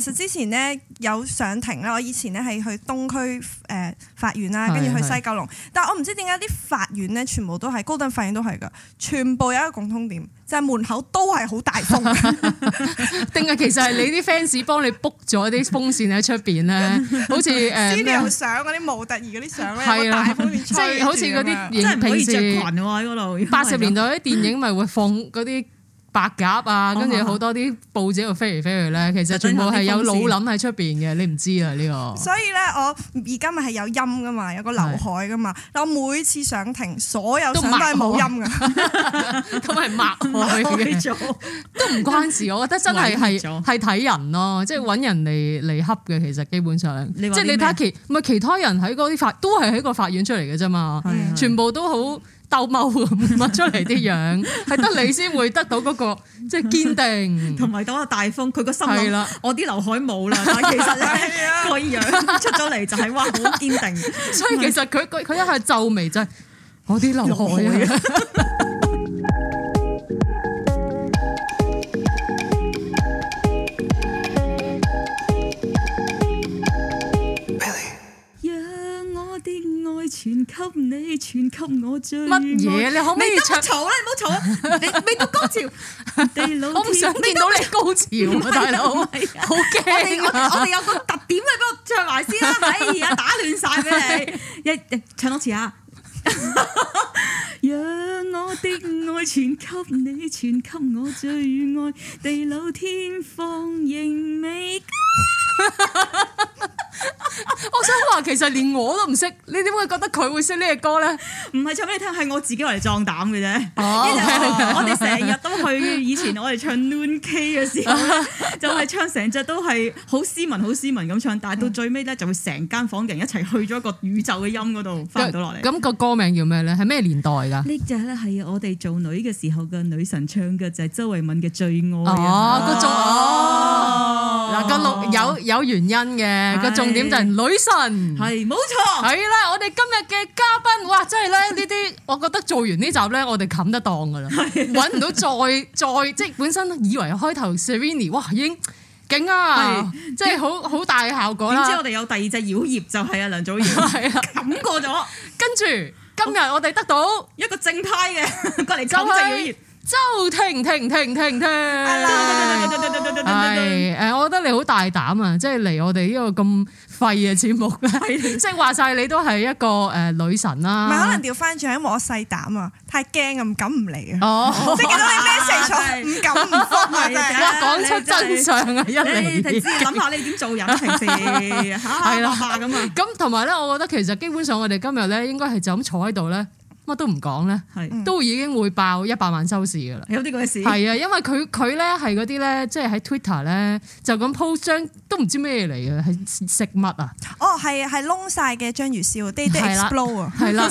其實之前咧有上庭咧，我以前咧係去東區誒法院啦，跟住去西九龍。是的 但係我唔知點解啲法院咧，全部都係高等法院都係噶，全部有一個共通點，就係、是、門口都係好大風。定係其實係你啲 fans 幫你 book 咗啲風扇喺出邊咧，好似誒，啲、 um, 相嗰啲模特兒嗰啲相咧，喺 大風，即係好似嗰啲，即係平時裙喎喺嗰度。八十年代啲電影咪會放嗰啲。白鴿啊，跟住好多啲報紙喺度飛嚟飛去咧，其實全部係有腦諗喺出邊嘅，你唔知啊呢個。所以咧，我而家咪係有音㗎嘛，有個劉海㗎嘛，但是我每次上庭，所有都係冇音㗎，咁係抹我自己做。都唔關事，我覺得真係係係睇人咯，即係揾人嚟嚟恰嘅，其實基本上，即係你睇下，其唔其他人喺嗰啲法都係喺個法院出嚟嘅啫嘛，的的全部都好。兜踎啊，搣出嚟啲樣，係得 你先會得到嗰、那個即係、就是、堅定，同埋當下大風，佢個心諗，的我啲劉海冇啦，但係其實咧個 樣出咗嚟就係哇好堅定，所以其實佢佢是一下皺眉就係、是、我啲劉海 乜嘢？你可唔可以唔好嘈啦？你唔好嘈啊！未到高潮， 地老天荒我唔想見到你高潮。大佬，好驚！我哋我我哋有個特點啊，幫我唱埋先啦，係啊，打亂晒俾你。 yeah, yeah, 唱一唱多次啊！ 讓我的愛全給你，全給我最愛，地老天荒仍未。 我想話，其實連我都唔識，你點會覺得佢會識呢個歌咧？唔係唱俾你聽，係我自己嚟壯膽嘅啫。哦、我哋成日都去以前我哋唱 noon k 嘅時候， 就係唱成隻都係好斯文、好斯文咁唱，但到最尾咧就會成間房人一齊去咗一個宇宙嘅音嗰度翻到落嚟。咁、嗯那個歌名叫咩咧？係咩年代噶？呢隻咧係我哋做女嘅時候嘅女神唱嘅，就係、是、周慧敏嘅最愛啊！嗰種哦，嗱，嗰、哦哦嗯、有。有有原因嘅，個重點就係女神，係冇錯，係啦。我哋今日嘅嘉賓，哇，真係咧呢啲，我覺得做完呢集咧，我哋冚得當噶啦，搵唔是的 到再再，即係本身以為開頭 Serrini 哇，已經勁啊，即係好好大嘅效果。點知我哋有第二隻妖孽就係、是、阿梁祖堯，係、就是、啊，冚過咗。跟住今日我哋得到一個正派嘅，過嚟周正周庭庭庭庭庭，係、 哎，誒、哎、我。你好大膽啊！即係嚟我哋呢個咁廢嘅節目，即係話晒你都係一個誒女神啦。唔係可能掉翻轉喺我細膽啊，太驚啊，唔敢唔嚟啊。哦，即係見到你 message，唔敢唔講啊！講出真相啊，一定要諗下你點做人平時係啦咁啊。咁同埋咧，我覺得其實基本上我哋今日咧，應該係就咁坐喺度咧。乜都唔講咧，都已經會爆一百萬收視㗎喇，有啲咁嘅事。係啊，因為佢佢咧係嗰啲咧，即係喺 Twitter 咧就咁、是、post 張都唔知咩嚟嘅，係食乜啊？哦，係係燶晒嘅章魚燒 data 啊，係啦，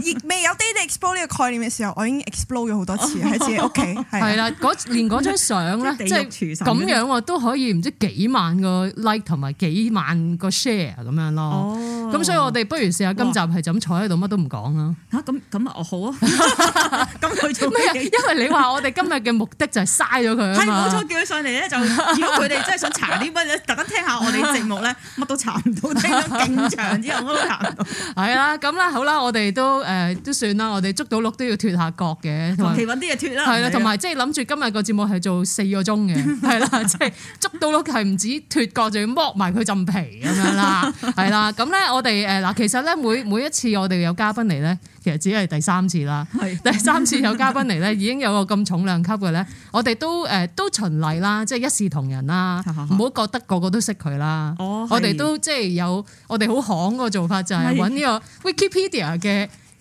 即係未有 data explore 呢個概念嘅時候，我已經 explode 咗好多次。喺自己屋企，係啦，嗰連嗰張相咧 即係咁樣啊，都可以唔知幾萬個 like 同埋幾萬個 share 咁樣咯。咁、哦、所以我哋不如試下今集係就咁坐喺度乜都唔講啊。嚇咁。咁啊好啊，咁佢做咩哋，因為你話我哋今日嘅目的就係嘥咗佢啊，係冇錯，叫佢上嚟咧就，如果佢哋真係想查啲乜嘢，特登聽下我哋嘅節目咧，乜都查唔到，聽咗勁長之後，乜都查唔到。係啦， 咁啦，好啦，我哋都誒、呃、都算啦，我哋捉到鹿都要脫下角嘅，同埋，搵啲嘢脫啦，係啦是，同埋即係諗住今日個節目係做四個鐘嘅，係啦，即、就、係、是、捉到鹿係唔止脫角，就要剝埋佢浸皮咁樣啦，係啦，咁咧我哋誒嗱，其實咧每每一次我哋有嘉賓嚟咧。其實只係第三次啦，是第三次有嘉賓嚟咧，已經有個咁重量級嘅咧，我哋都誒、呃、都循例啦，即、就、係、是、一視同仁啦，唔好呵覺得個個都識佢啦。哦、我哋都即係、就是、有，我哋好行個做法就係揾呢個 Wikipedia 嘅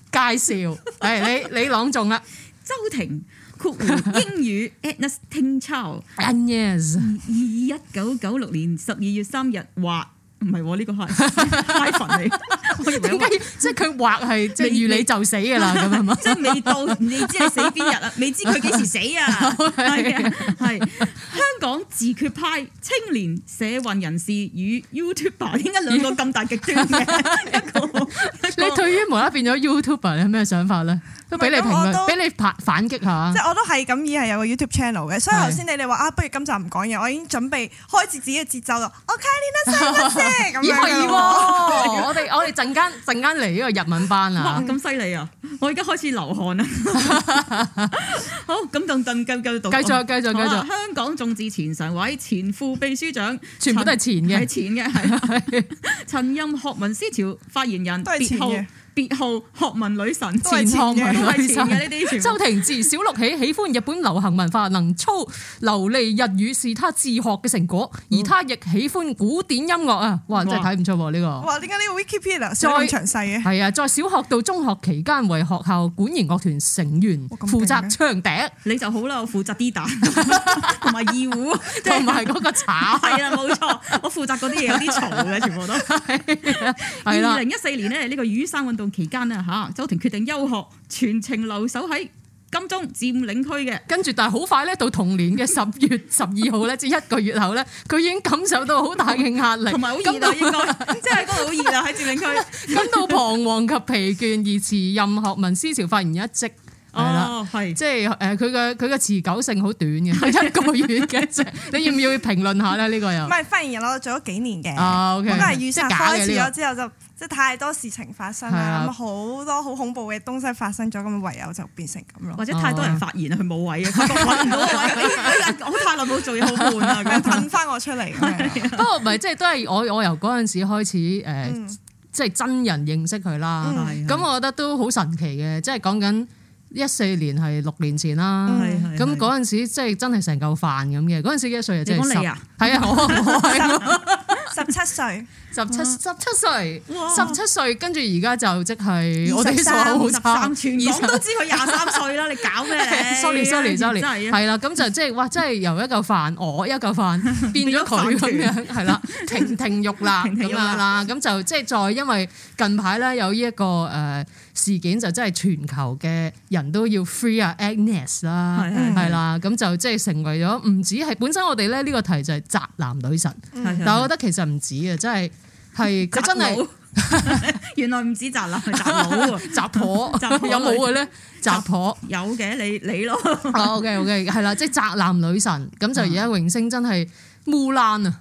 介紹。誒是是，你你朗誦啊？ 周庭括弧英語 Agnes Chow Ting，Agnes，一九九六年十二月三日話。唔係喎，呢、這個係你點解？即係佢畫係即係遇你就死噶啦，咁係嘛？吧 即係未到，你知係死邊日啊？未知佢幾時死啊？係 香港自決派青年社運人士與 YouTuber 點解兩個咁大極端嘅？ 一個，一個你對於無啦變咗 YouTuber 你有咩想法咧？都俾你評價，俾你反反擊嚇。即係我都係咁，已係有個 YouTube channel 嘅。所以頭先你哋話啊，不如今集唔講嘢，我已經準備開始自己嘅節奏啦。Okay，let's go 先。咦？可以喎！我哋我哋陣間陣間嚟呢個日文班啊！哇！咁犀利啊！我而家開始流汗啦。好，咁等等繼續讀。繼續繼續繼續。香港眾志前常委、前副秘書長，全部都係前嘅。係前嘅係啊，係。曾任學民思潮發言人、特首。別號學運女神、前康文女神周庭自小六起喜歡日本流行文化，能操流利日語是她自學嘅成果，而她亦喜歡古典音樂啊！哇，真係睇唔出呢個。哇，點解呢個 Wikipedia 咁詳細嘅？係啊，在小學到中學期間，為學校管弦樂團成員，負責長笛。你就好啦，我負責啲彈同埋二胡，同埋嗰個茶。係啊，冇錯，我負責嗰啲嘢有啲嘈嘅，全部都。係二零一四年呢，呢個雨傘運動期間啦，吓，周庭決定休學，全程留守喺金鐘佔領區嘅。跟住，但係好快咧，到同年嘅十月十二號咧，即係一個月後咧，佢已經感受到好大嘅壓力，同埋好熱啦，應該即係嗰度好熱啦喺佔領區，感到彷徨及疲倦而辭任學民思潮發言人一職。係啦，即係誒，佢嘅佢嘅持久性好短嘅，一個月嘅啫。你要唔要評論下咧？呢個又唔係發言人，我做咗幾年嘅。哦，OK，咁但係預測開始咗之後就。即係太多事情發生啦，咁好多好恐怖嘅東西發生咗，咁唯有就變成咁咯。或者太多人發現佢冇位啊，佢揾唔到位。我太耐冇做嘢，好悶啊，佢揾翻我出嚟。不過唔係，即係都係我我由嗰陣時開始誒，即係真人認識佢啦。咁我覺得都好神奇嘅，即係講緊一四年係六年前啦。咁嗰陣時即係真係成嚿飯咁嘅。嗰陣時幾多歲啊？即係十，係啊，我我係十七歲。十七十七歲，十七歲跟住而家就即係 23, 我哋所有三參，全港都知佢廿三歲啦！你搞咩 s sorry, sorry, sorry, s o o r r r y r y s o r r y 係啦，咁就即係哇！即係由一嚿飯我一嚿飯變咗佢咁樣，係啦，亭亭玉立咁樣啦，咁就即係再因為近排咧有呢一個誒事件，就真係全球嘅人都要 free 阿 Agnes 啦，係係啦，咁就即係成為咗唔止係本身我哋咧呢個題就係宅男女神，但係我覺得其實唔止啊，真係。係佢真係，老 原來唔止宅男，宅老， 宅婆， 有冇嘅咧？宅，宅婆有嘅，你你咯。OK，OK，係啦，即係宅男女神，咁就而家榮升真係烏爛啊！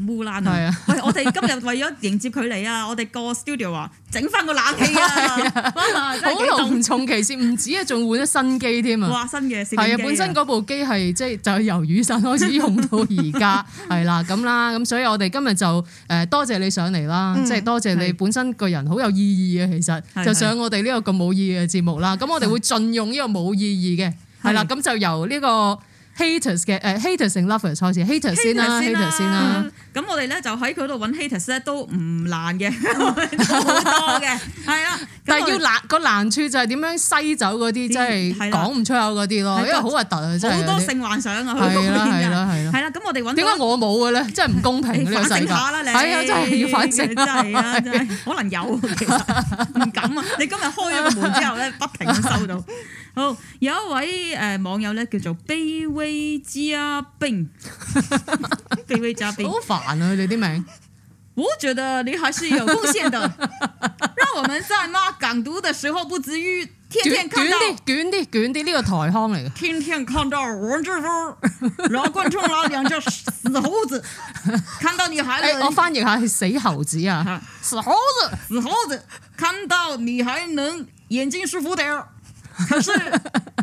木蘭啊，係啊，我哋今日為咗迎接佢嚟，啊，我哋個 studio 啊，整翻個冷氣啊，好隆重其事，唔止啊，仲換咗新機添啊，哇，新嘅，係啊，本身嗰部機係即係就由雨傘開始用到而家，係啦咁啦，咁所以我哋今日就誒多謝你上嚟啦，即係多謝你本身個人好有意義嘅，其實就上我哋呢個咁冇意義嘅節目啦。咁我哋會盡用呢個冇意義嘅，係啦，咁就由呢個。Haters 嘅誒，Haters 同 Lovers 開始，Haters 先啦，Haters 先啦。咁我哋咧就喺佢度揾 Haters 咧都唔難嘅，好多嘅，係啊。但係要難個難處就係點樣篩走嗰啲真係講唔出口嗰啲咯，因為好核突啊，真係好多性幻想啊，佢屋企人啊。係啦，係啦，係啦。係啦，咁我哋揾點解我冇嘅咧？即係唔公平呢個世界。反省下啦，你係啊，真係要反省，真係啊，真係可能有，其實唔敢啊。你今日開咗個門之後咧，不停收到。好有一位誒、呃、網友咧叫做卑微嘉賓 卑微嘉賓好煩啊！佢哋啲名， 我覺得你還是有貢獻的，讓我們在罵港獨的時候不至於天天看到，捲啲捲啲呢、這個台腔嚟嘅，天天看到王志峰，老觀眾那兩隻死猴子， 看到你還能，欸、我翻譯下係死猴子啊，吓，死猴子死猴子， 看到你還能眼睛舒服點。可是，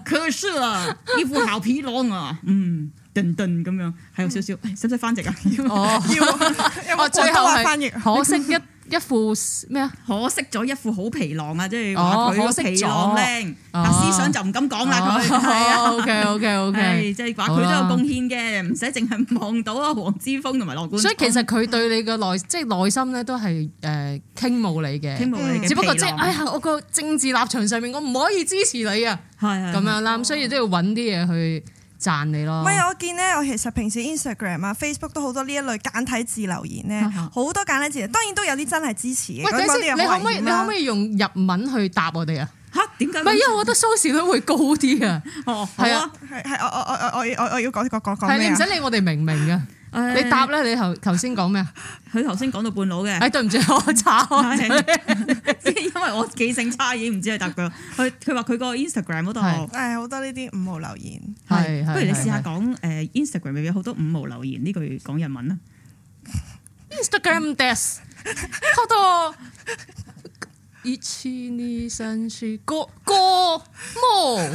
可是啊，一副 好皮囊啊，嗯，頓頓咁樣，還有少少，使唔使翻譯啊？唉要，唉要，唉因為我最後係翻譯，可惜一。一副咩啊？可惜咗一副好皮囊啊，即係話佢個皮囊靚，哦、但思想就唔敢講啦。佢係啊，OK OK OK， 即係話佢都有貢獻嘅，唔使淨係望到啊黃之鋒同埋羅冠聰。所以其實佢對你嘅內即係內心咧都係誒傾慕你嘅，傾慕你嘅。只不過即係，哎呀，我個政治立場上面我唔可以支持你啊，咁樣啦。咁所以都要揾啲嘢去。讚你咯！唔係我見咧，我其實平時 Instagram 啊、Facebook 都好多呢一類簡體字留言咧，好、啊、多簡體字。當然都有啲真係支持嘅。你可唔可以你可唔可以用日文去答我哋啊？嚇？點解？唔係因為我覺得收視率會高啲、 哦、啊！哦，係啊，係係我我我我我，我要講啲講講講。係你唔使理我哋明唔明嘅。你答咧？你頭頭先講咩啊？佢頭先講到半佬嘅。哎，對唔住，我岔開。 因為我記性差，已經唔知佢答佢佢話佢個 Instagram 嗰度，誒是、哎，好多呢啲五毛留言。係是，是不如你試下講誒，Instagram 咪有好多五毛留言呢句講日文啦。Instagram です、 哎、好多一、二、三、四 go more,、五、五毛 go more.，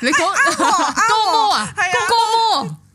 你講五毛啊？係五毛。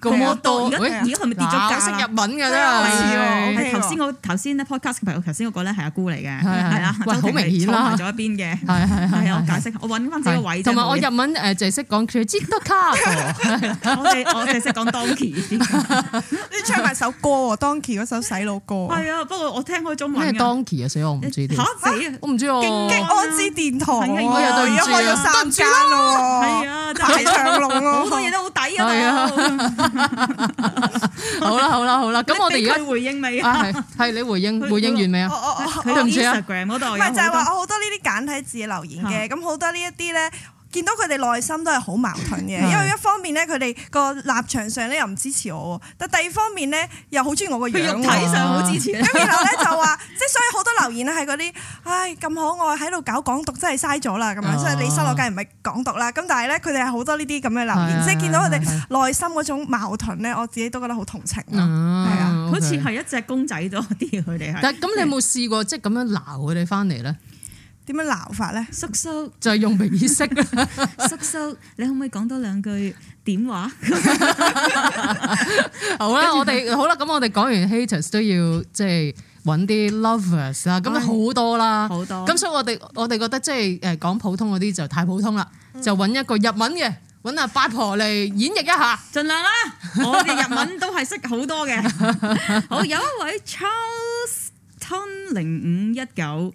咁多，而家係咪跌咗價？識日文嘅啫，係頭先我頭先咧 podcast 嘅朋友，頭先嗰個咧係阿姑嚟嘅，係啊，好明顯啦，坐咗一邊嘅，係係係，我解釋，我揾翻自己位。同埋我日文誒就係識講注意多啲，我哋我淨係識講 Donkey 啲，你唱埋首歌 Donkey 嗰首洗腦歌。係啊，不過我聽開中文嘅。咩 Donkey 啊？所以我唔知啲嚇死我唔知我。激安の殿堂，我入到而家開咗三間咯，係啊，大上龍咯，好多嘢都好抵啊！係啊。 好啦好啦好啦，咁我哋而家回應你啊？係你回應他回應完未啊？對唔住啊，佢 Instagram 嗰度，唔係就係話我好多呢啲簡體字留言嘅，咁好的多呢一啲咧。見到佢哋內心都係好矛盾嘅，因為一方面咧佢哋個立場上咧又唔支持我，但第二方面咧又好中意我個樣喎。佢肉體上好支持。咁 然後咧就話，即係所以好多留言咧係嗰啲，唉咁可愛喺度搞港獨真係嘥咗啦咁樣，即係、哦、你收落梗唔係港獨啦。咁但係咧佢哋係好多呢啲咁嘅留言，即係、啊、見到佢哋內心嗰種矛盾咧，我自己都覺得好同情咯，係啊，啊 okay. 好似係一隻公仔多啲佢哋係。但咁是是你有冇試過即係咁樣鬧佢哋翻嚟咧？點樣鬧法咧？叔叔，就用明意識。叔叔，你可唔可以講多兩句點話？好啦，我哋好啦，咁我哋講完 haters 都要即係搵啲 lovers 啦，咁好多啦，好多。咁所以我哋我哋覺得即係誒講普通嗰啲就太普通啦，就搵一個日文嘅搵阿八婆嚟演繹一下，盡量啦。我哋日文都係識好多嘅。好，有一位 Charles Ton 零五一九。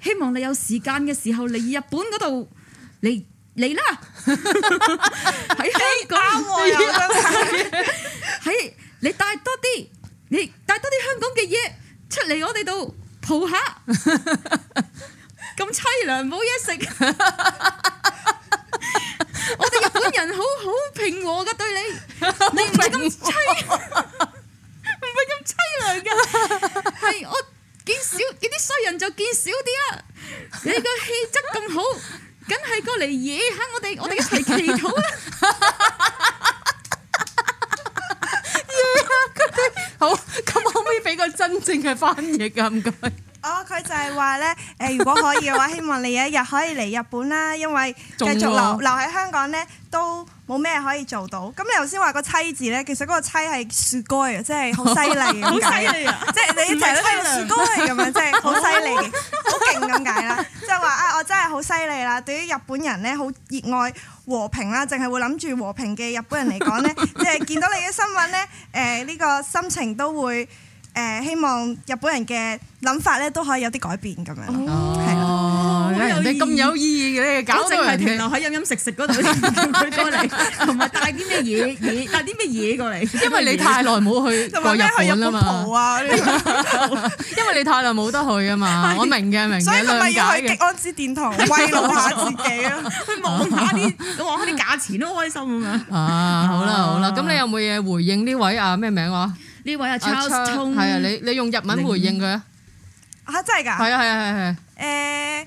希望你有時間嘅時候嚟日本嗰度嚟嚟啦，喺 香港喎， 我有我真係喺你帶多啲，你帶多啲香港嘅嘢出嚟我哋度蒲下，咁凄涼冇嘢食， 我哋日本人好好平和嘅對你，你唔係咁淒，唔係咁凄涼嘅，係我。見少啲啊！你個氣質咁好，梗係過嚟耶吓！我哋我哋一齊祈禱啦！耶啊！好，咁可唔可以俾個真正嘅翻譯噶？唔該。哦，佢就係話咧，誒，如果可以嘅話，希望你有一日可以嚟日本啦，因為繼續留留喺香港咧都。冇咩可以做到。咁你頭先話個妻子咧，其實嗰個妻係樹哥啊， 即係好犀利咁解。好犀利啊！即係你一齊都係樹哥咁樣，即係好犀利，好勁咁解啦。即係話啊，我真係好犀利啦。對於日本人咧，好熱愛和平啦，淨係會諗住和平嘅日本人嚟講咧，即係 見到你嘅新聞咧，誒、呃、呢個心情都會誒希望日本人嘅諗法咧都可以有啲改變咁樣。 嗯你咁有意義嘅，搞到人哋停留喺飲飲食食嗰度，叫佢過嚟，同埋帶啲咩嘢嘢，帶啲咩嘢過嚟。因為你太耐冇去過日本啦嘛，因為你太耐冇得去啊嘛。我明嘅明嘅，所以咪要喺激安の殿堂慰勞下自己咯，去望下啲，去望下啲價錢都開心咁樣。啊，好啦好啦，咁你有冇嘢回應呢位啊？咩名啊？呢位啊，Charles，係啊，你你用日文回應佢啊？嚇，真係㗎？係啊係啊係係誒。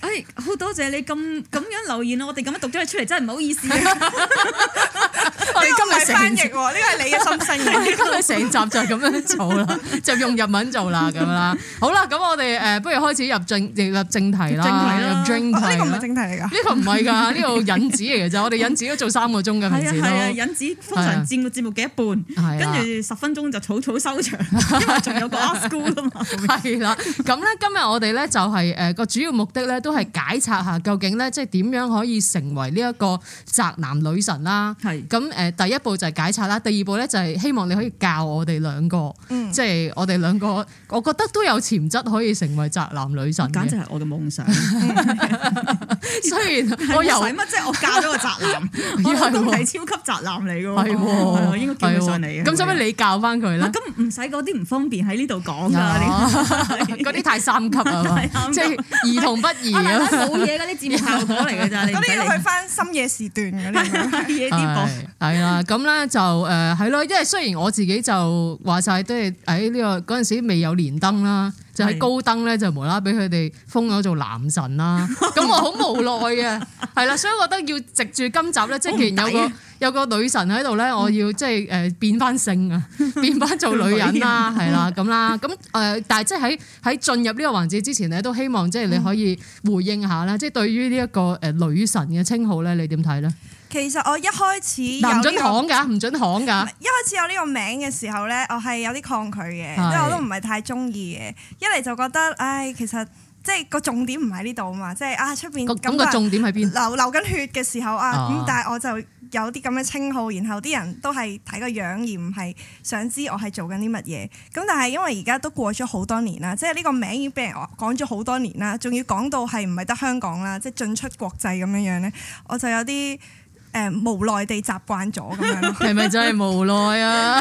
誒好多謝你咁咁樣留言咯，我哋咁樣讀咗佢出嚟真係唔好意思。我哋今日翻譯喎，呢個係你嘅心聲。今日成集就咁樣做啦，就用日文做啦咁啦。好啦，咁我哋誒不如開始入正入正題啦。正題啦，正題。呢個唔係正題嚟㗎。呢個唔係㗎，呢個引子嚟㗎啫。我哋引子都做三個鐘咁，係啊，引子通常佔個節目嘅一半，跟住十分鐘就草草收場，仲有個 ASKGOO 啊嘛。係啦，咁咧今日我哋咧就係誒個主要目的咧都係解拆下究竟咧，即係點樣可以成為呢一個宅男女神啦？係咁誒，第一步就係解拆啦，第二步咧就係希望你可以教我哋兩個，即係我哋兩個，我覺得都有潛質可以成為宅男女神。簡直係我嘅夢想。雖然我使乜即係我教咗個宅男，原來我都唔係超級宅男嚟噶，係應該叫得上嚟。咁使唔使你教翻佢啦？咁唔使嗰啲唔方便喺呢度講，嗰啲太三級啦，即係兒童不宜。冇嘢噶，啲節目效果嚟噶咋？嗰啲都去翻深夜時段嘅呢啲嘢啲噃。係啦，咁咧 就誒係咯，因為雖然我自己就話晒，都係喺呢個嗰陣時未有連登啦。就喺高登咧，就無啦，俾佢哋封咗做男神啦。咁 我好無奈呀，係啦，所以我覺得要藉住今集咧，即係既然有個有個女神喺度咧，我要即係誒變返性啊，變返做女人啦，係啦 人，咁啦，咁誒、呃，但係即係喺喺進入呢個環節之前咧，都希望即係你可以回應下啦，即係 對於呢一個誒女神嘅稱號咧，你點睇咧？其實我一開始、呢個，唔準行㗎，唔準行㗎。一開始有呢個名嘅時候咧，我係有啲抗拒嘅，的因為我都唔係太中意嘅。一嚟就覺得，唉，其實即係、啊、個重點唔喺呢度啊嘛，即係啊出邊咁個重點喺邊？流流緊血嘅時候啊，咁、啊、但係我就有啲咁嘅稱號，然後啲人都係睇個樣而唔係想知我係做緊啲乜嘢。咁但係因為而家都過咗好多年啦，即係呢個名已經俾人講咗好多年啦，仲要講到係唔係得香港啦，即係進出國際咁樣樣咧，我就有啲。誒無奈地習慣咗咁樣，係咪真係無奈啊？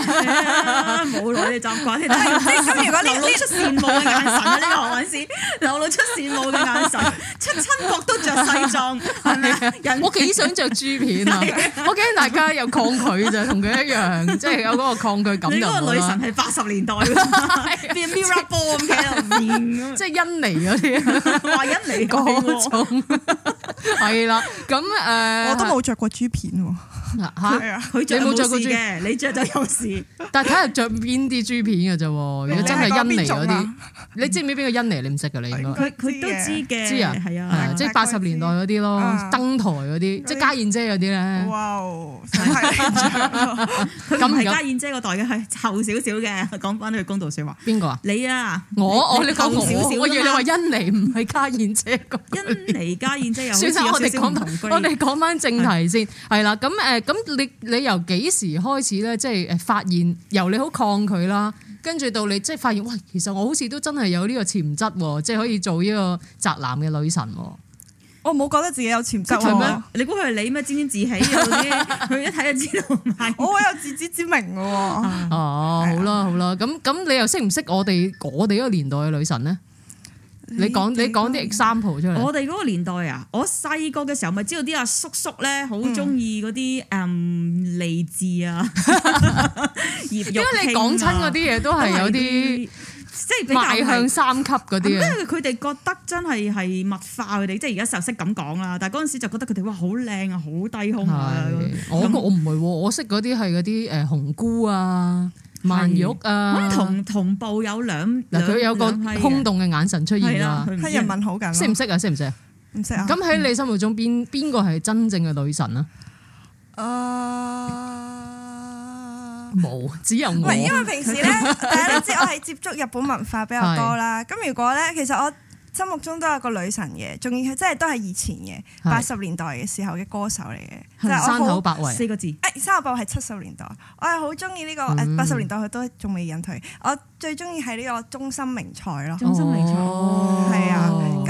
無奈地習慣，但係咁如果流露出羨慕嘅眼神，呢個何韻詩，流露出羨慕嘅眼神？出親國都着西裝，係咪？我幾想着豬片啊！我驚大家有抗拒就同佢一樣，即係有嗰個抗拒感㗎嘛？呢個女神係八十年代，be a mirror ball 咁嘅即係恩尼嗰啲，話恩尼嗰種，係啦。咁誒，我都冇着過。珠片喎，你冇着過珠片嘅，你着就有事。但睇下着邊啲珠片嘅啫，如果真係印尼嗰啲，你知唔知邊個印尼？你唔識噶，你應該。佢佢都知嘅。知啊，係啊，即係八十年代嗰啲咯，登台嗰啲，即係家燕姐嗰啲咧。哇，佢唔係家燕姐個代嘅，係後少少嘅。講翻去公道說話。邊個啊？你啊，我我你後少少，我以為你話印尼唔係家燕姐個。印尼家燕姐有。我哋講同，我哋講翻正題先。係啦，咁誒，咁你你由幾時開始咧？即係誒，發現由你好抗拒啦，跟住到你即係發現，喂，其實我好似都真係有呢個潛質喎，即係可以做呢個宅男嘅女神。我冇覺得自己有潛質喎。你估佢係你咩？沾沾自喜嗰啲，佢一睇就知道。我好有自知之明嘅，啊。哦、啊，好啦，好啦，咁咁，你又識唔識我哋我哋嗰年代嘅女神咧？你講你講啲 example 出嚟。我哋嗰個年代啊，我細個嘅時候咪知道啲阿叔叔咧，好中意嗰啲嗯利智、嗯、啊。葉玉卿、點 解、啊、你講親嗰啲嘢都係有啲即係邁向三級嗰啲，因為佢哋覺得真係係物化佢哋，即係而家就識咁講啦。但係嗰陣時就覺得佢哋，哇好靚啊，好低胸啊。我我唔係喎，我，我識嗰啲係嗰啲誒紅姑啊。曼玉啊，同同步有兩嗱，佢有個空洞嘅眼神出現啦。係啊，佢日文好勁，識唔識啊？唔識啊。咁喺你心目中邊邊個係真正嘅女神啊？啊，冇，只有我。因為平時咧，大家都知我係接觸日本文化比較多啦。咁如果咧，其實我。心目中都有個女神嘅，仲要佢即係都係以前嘅八十年代嘅時候嘅歌手嚟嘅。即山口百惠，三八四個字。誒、哎，山口百惠係七十年代，我係好中意呢個誒八十年代佢都仲未引退。我最中意係呢個中森明菜咯。中森明菜。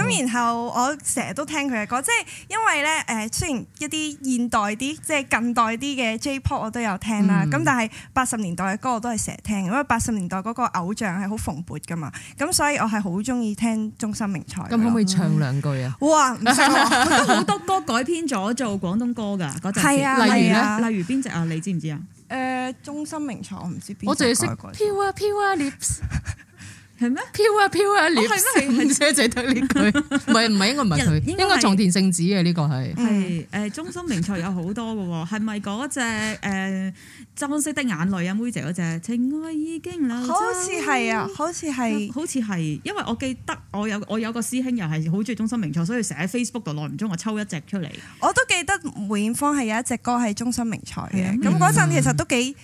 咁然後我成日都聽佢嘅歌，即係因為咧，誒，雖然一啲現代啲，即係近代啲嘅 J-pop 我都有聽啦，咁、嗯、但係八十年代嘅歌我都係成日聽，因為八十年代嗰個偶像係好蓬勃噶嘛，咁所以我係好中意聽《中心名菜歌歌》。咁可唔可以唱兩句啊？哇，唔錯，都好多歌改編咗做廣東歌噶嗰陣時，例如啊，例如邊隻啊？你知唔知啊？誒，《中心名菜》我唔知，我淨係識《Pewa Pewa Lips》。係咩、啊？飄啊飄啊！烈性姐姐聽呢句，唔係唔係應該唔係佢，應該，因為應該松田聖子嘅呢個係。係，誒中森明菜有好多嘅喎，係咪嗰隻誒裝飾的眼淚啊，梅姐嗰隻情愛已經兩。好似係啊，好似係，好似係，因為我記得我有我有個師兄又係好中意中森明菜，所以成日喺 Facebook 度耐唔中我抽一隻出嚟。我都記得梅艷芳係有一隻歌係中森明菜嘅，咁嗰陣其實都幾。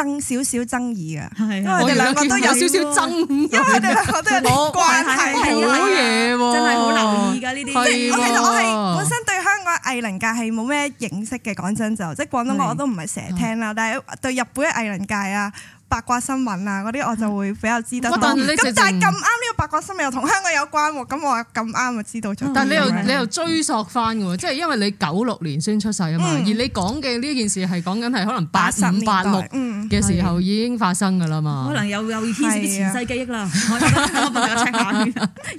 爭少少爭議啊，因為佢哋兩個都有少少爭議，因為佢哋兩個都有啲關係，好嘢 真係好留意噶呢啲。的我其實我係本身對香港藝能界係冇咩認識嘅，講真就即係廣東話我都唔係成日聽啦，的但係對日本嘅藝能界啊，八卦新聞啊，嗰啲我就會比較知道。咁但係咁啱呢個八卦新聞又同香港有關喎，咁我咁啱就知道咗。但係你又你又追索翻嘅喎，即係因為你九六年先出世啊嘛，而你講嘅呢件事係講緊係可能八五八六嘅時候已經發生㗎啦嘛。可能有又牽涉啲前世記憶啦，我我唔夠尺眼，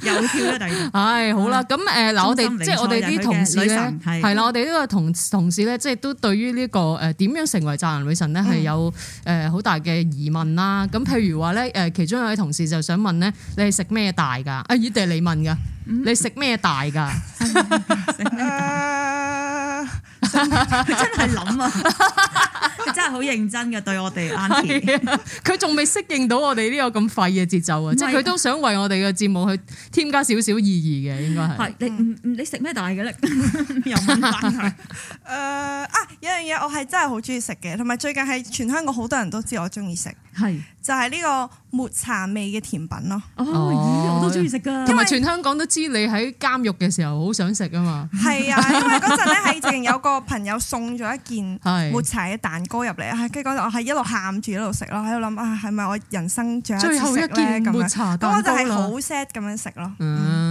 又跳咗第二。唉，好啦，咁誒嗱，我哋即係我哋啲同事咧，係啦，我哋呢個同同事咧，即係都對於呢個誒點樣成為宅男女神咧係有誒好大嘅疑問啦，咁譬如話咧，誒，其中有位同事就想問咧，你係食咩大噶？阿、啊、姨地你問噶，你食咩大噶？ 佢 真係諗啊！佢 真係好認真嘅對我哋眼前，佢仲未適應到我哋呢個咁廢嘅節奏啊！即係佢都想為我哋嘅節目去添加少少意義嘅，應該係。係你唔唔？你食咩，嗯、大嘅咧？ 又冇大？誒、 uh, 啊！有一樣嘢我係真係好中意食嘅，同埋最近係全香港好多人都知我中意食，係的就係呢、這個。抹茶味嘅甜品咯，哦，咦我都中意食㗎，同埋為全香港都知你喺監獄嘅時候好想食啊嘛，係啊，因為嗰陣咧係仲有個朋友送咗一件抹茶嘅蛋糕入嚟，跟住嗰陣我係一路喊住一路食咯，喺度諗啊係咪我人生最後，最後一件抹茶蛋糕咯，咁我就係好 sad 咁樣食咯。嗯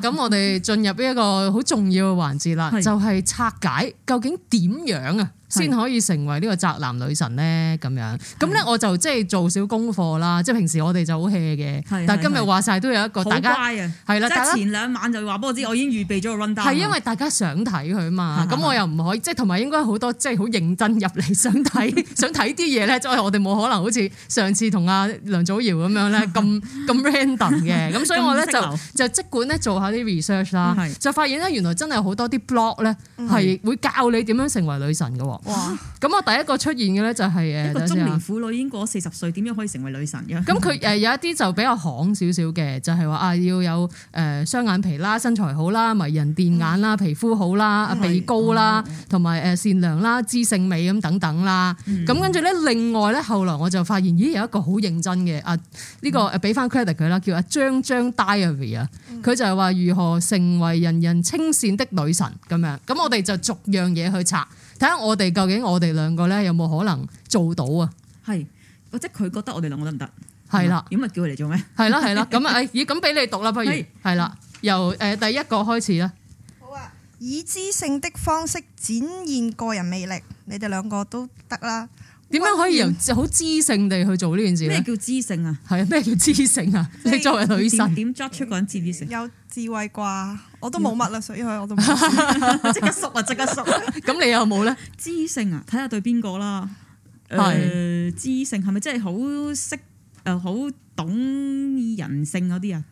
咁我哋進入一個好重要嘅環節啦，是的 就係拆解究竟點樣啊，先可以成為呢個宅男女神咧咁樣，咁咧我就即係做少功課啦。即係平時我哋就好 hea 嘅，但係今日話晒都有一個，大家。好乖啊，係啦。前兩晚就話，俾我知我已經預備咗個 rundown。係因為大家想睇佢嘛，咁我又唔可以，即係同埋應該好多即係好認真入嚟想睇，想睇啲嘢咧，即係我哋冇可能好似上次同阿梁祖堯咁樣咧，咁咁 random 嘅。咁所以我咧就就即管咧做下啲 research 啦，就發現咧原來真係好多啲 blog 咧係會教你點樣成為女神嘅喎。哇！咁我第一個出現嘅咧就係、是、誒，一個中年婦女已經過咗四十歲，點樣可以成為女神嘅？咁佢誒有一啲就比較行少少嘅，就係話啊要有誒雙眼皮啦、身材好啦、迷人電眼啦、皮膚好啦、鼻高啦，同埋誒善良啦、知性美咁等等啦。咁跟住咧，另外咧，後來我就發現咦有一個好認真嘅、嗯、啊呢、這個誒，俾翻 credit 佢啦，叫阿張張 Diary 啊、嗯。佢就係話如何成為人人稱羨的女神咁樣。咁我哋就逐樣嘢去拆。睇下我哋究竟我哋兩個咧有冇可能做到啊？係，或者佢覺得我哋兩個得唔得？係啦，咁咪叫佢嚟做咩？係啦係啦，咁啊誒，咦咁俾你讀啦，不如係啦，由誒第一個開始啦。好啊，以知性的方式展現個人魅力，你哋兩個都得啦。點樣可以由好知性地去做呢件事？咩叫知性啊？係啊，咩叫知性啊？就是，你作為女神點抓出個人知唔知性？有智慧啩？我都冇乜啦，所以我都即 刻熟啊，即刻熟。咁 你有冇咧？知性啊？睇下對邊個啦。係、呃、知是性係咪真係好識誒？好懂人性嗰啲啊？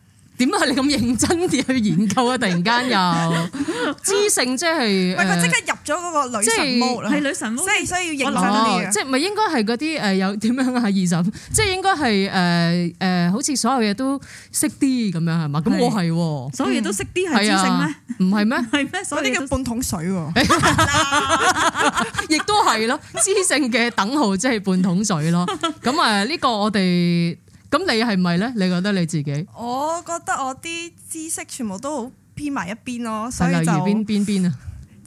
點解你咁認真啲去研究啊？突然間又知性，即係，唔係佢即刻入咗嗰個女神屋啦，係女神屋，即係需要認識多啲。即係唔係應該係嗰啲誒？有點樣啊，二嬸，即係應該係誒誒，好似所有嘢都識啲咁樣係嘛？咁我係，所有嘢都識啲係知性咩？唔係咩？係咩？嗰啲叫半桶水，亦都係咯，知性嘅等號即係半桶水咯。咁誒，呢個我哋。咁你係咪係咧？你覺得你自己？我覺得我啲知識全部都好偏埋一邊咯，所以就邊邊邊啊！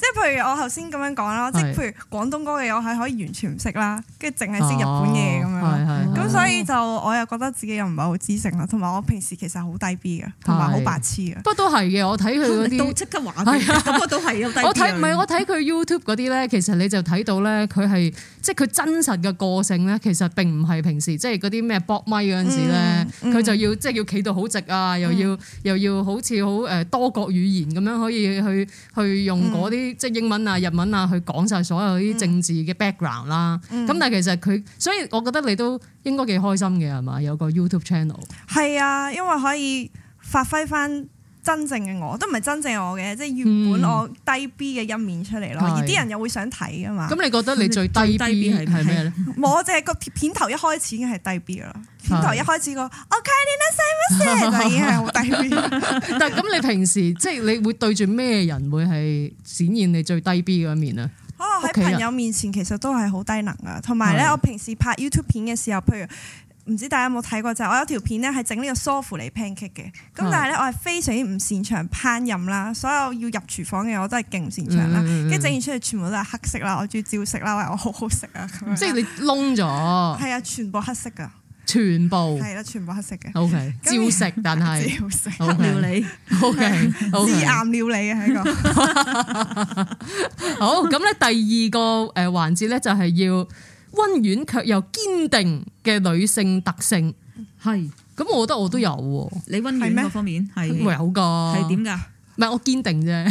即係譬如我頭先咁樣講啦，即係譬如廣東歌嘅，我係可以完全唔識啦，跟住淨係識日本嘢咁、哦、樣，咁、嗯、所以我就我又覺得自己又唔係好知性啦，同埋我平時其實好低 B 嘅，同埋好白痴嘅。不過都係嘅，我睇佢嗰啲都即刻玩，係啊，我都係啊，低 B。我睇唔係我睇佢 YouTube 嗰啲咧，其實你就睇到咧，佢係即係佢真實嘅個性咧，其實並唔係平時即係嗰啲咩博咪嗰陣時咧，佢、嗯、就要、嗯、即係要企到好直啊，又要、嗯、又要好似好誒多國語言咁樣可以去去，去用嗰啲。嗯即係英文啊、日文啊，去講晒所有啲政治嘅 background 啦。咁、嗯、但係其實佢，所以我覺得你都應該幾開心嘅係嘛，有個 YouTube channel。係啊，因為可以發揮翻。真正嘅我都唔係真正我嘅，即係原本我低 B 嘅一面出嚟咯。嗯、而啲人又會想睇噶嘛。咁你覺得你最低 B 係咩咧？我就係個片頭一開始已經係低 B 啦。片頭一開始個 Okay, nice, I'm a star 已經係好低 B。 但係咁，你平時即係、就是、你會對住咩人會係展現你最低 B 嗰一面啊？哦，喺朋友面前其實都係好低能啊。同埋咧，的我平時拍 YouTube 片嘅時候，譬如。唔知大家有冇睇過？就係我有條片咧，係整呢個梳芙嚟 pancake 嘅。咁但係咧，我係非常之唔擅長烹飪啦。所有要入廚房嘅我都係勁唔擅長啦。跟住整完出去，全部都係黑色啦。我中意照食啦，喂，我好好食啊！即係你燶咗？係啊，全部黑色噶，全部係啦，全部黑色嘅。O K，照食但係，照食料理，O K，致癌料理嘅喺個。好咁咧，第二個誒環節咧，就係要溫婉卻又堅定嘅女性特性，係咁是，我覺得我都有喎。嗎你溫婉嗰方面係有㗎，係點㗎？唔係我堅定啫，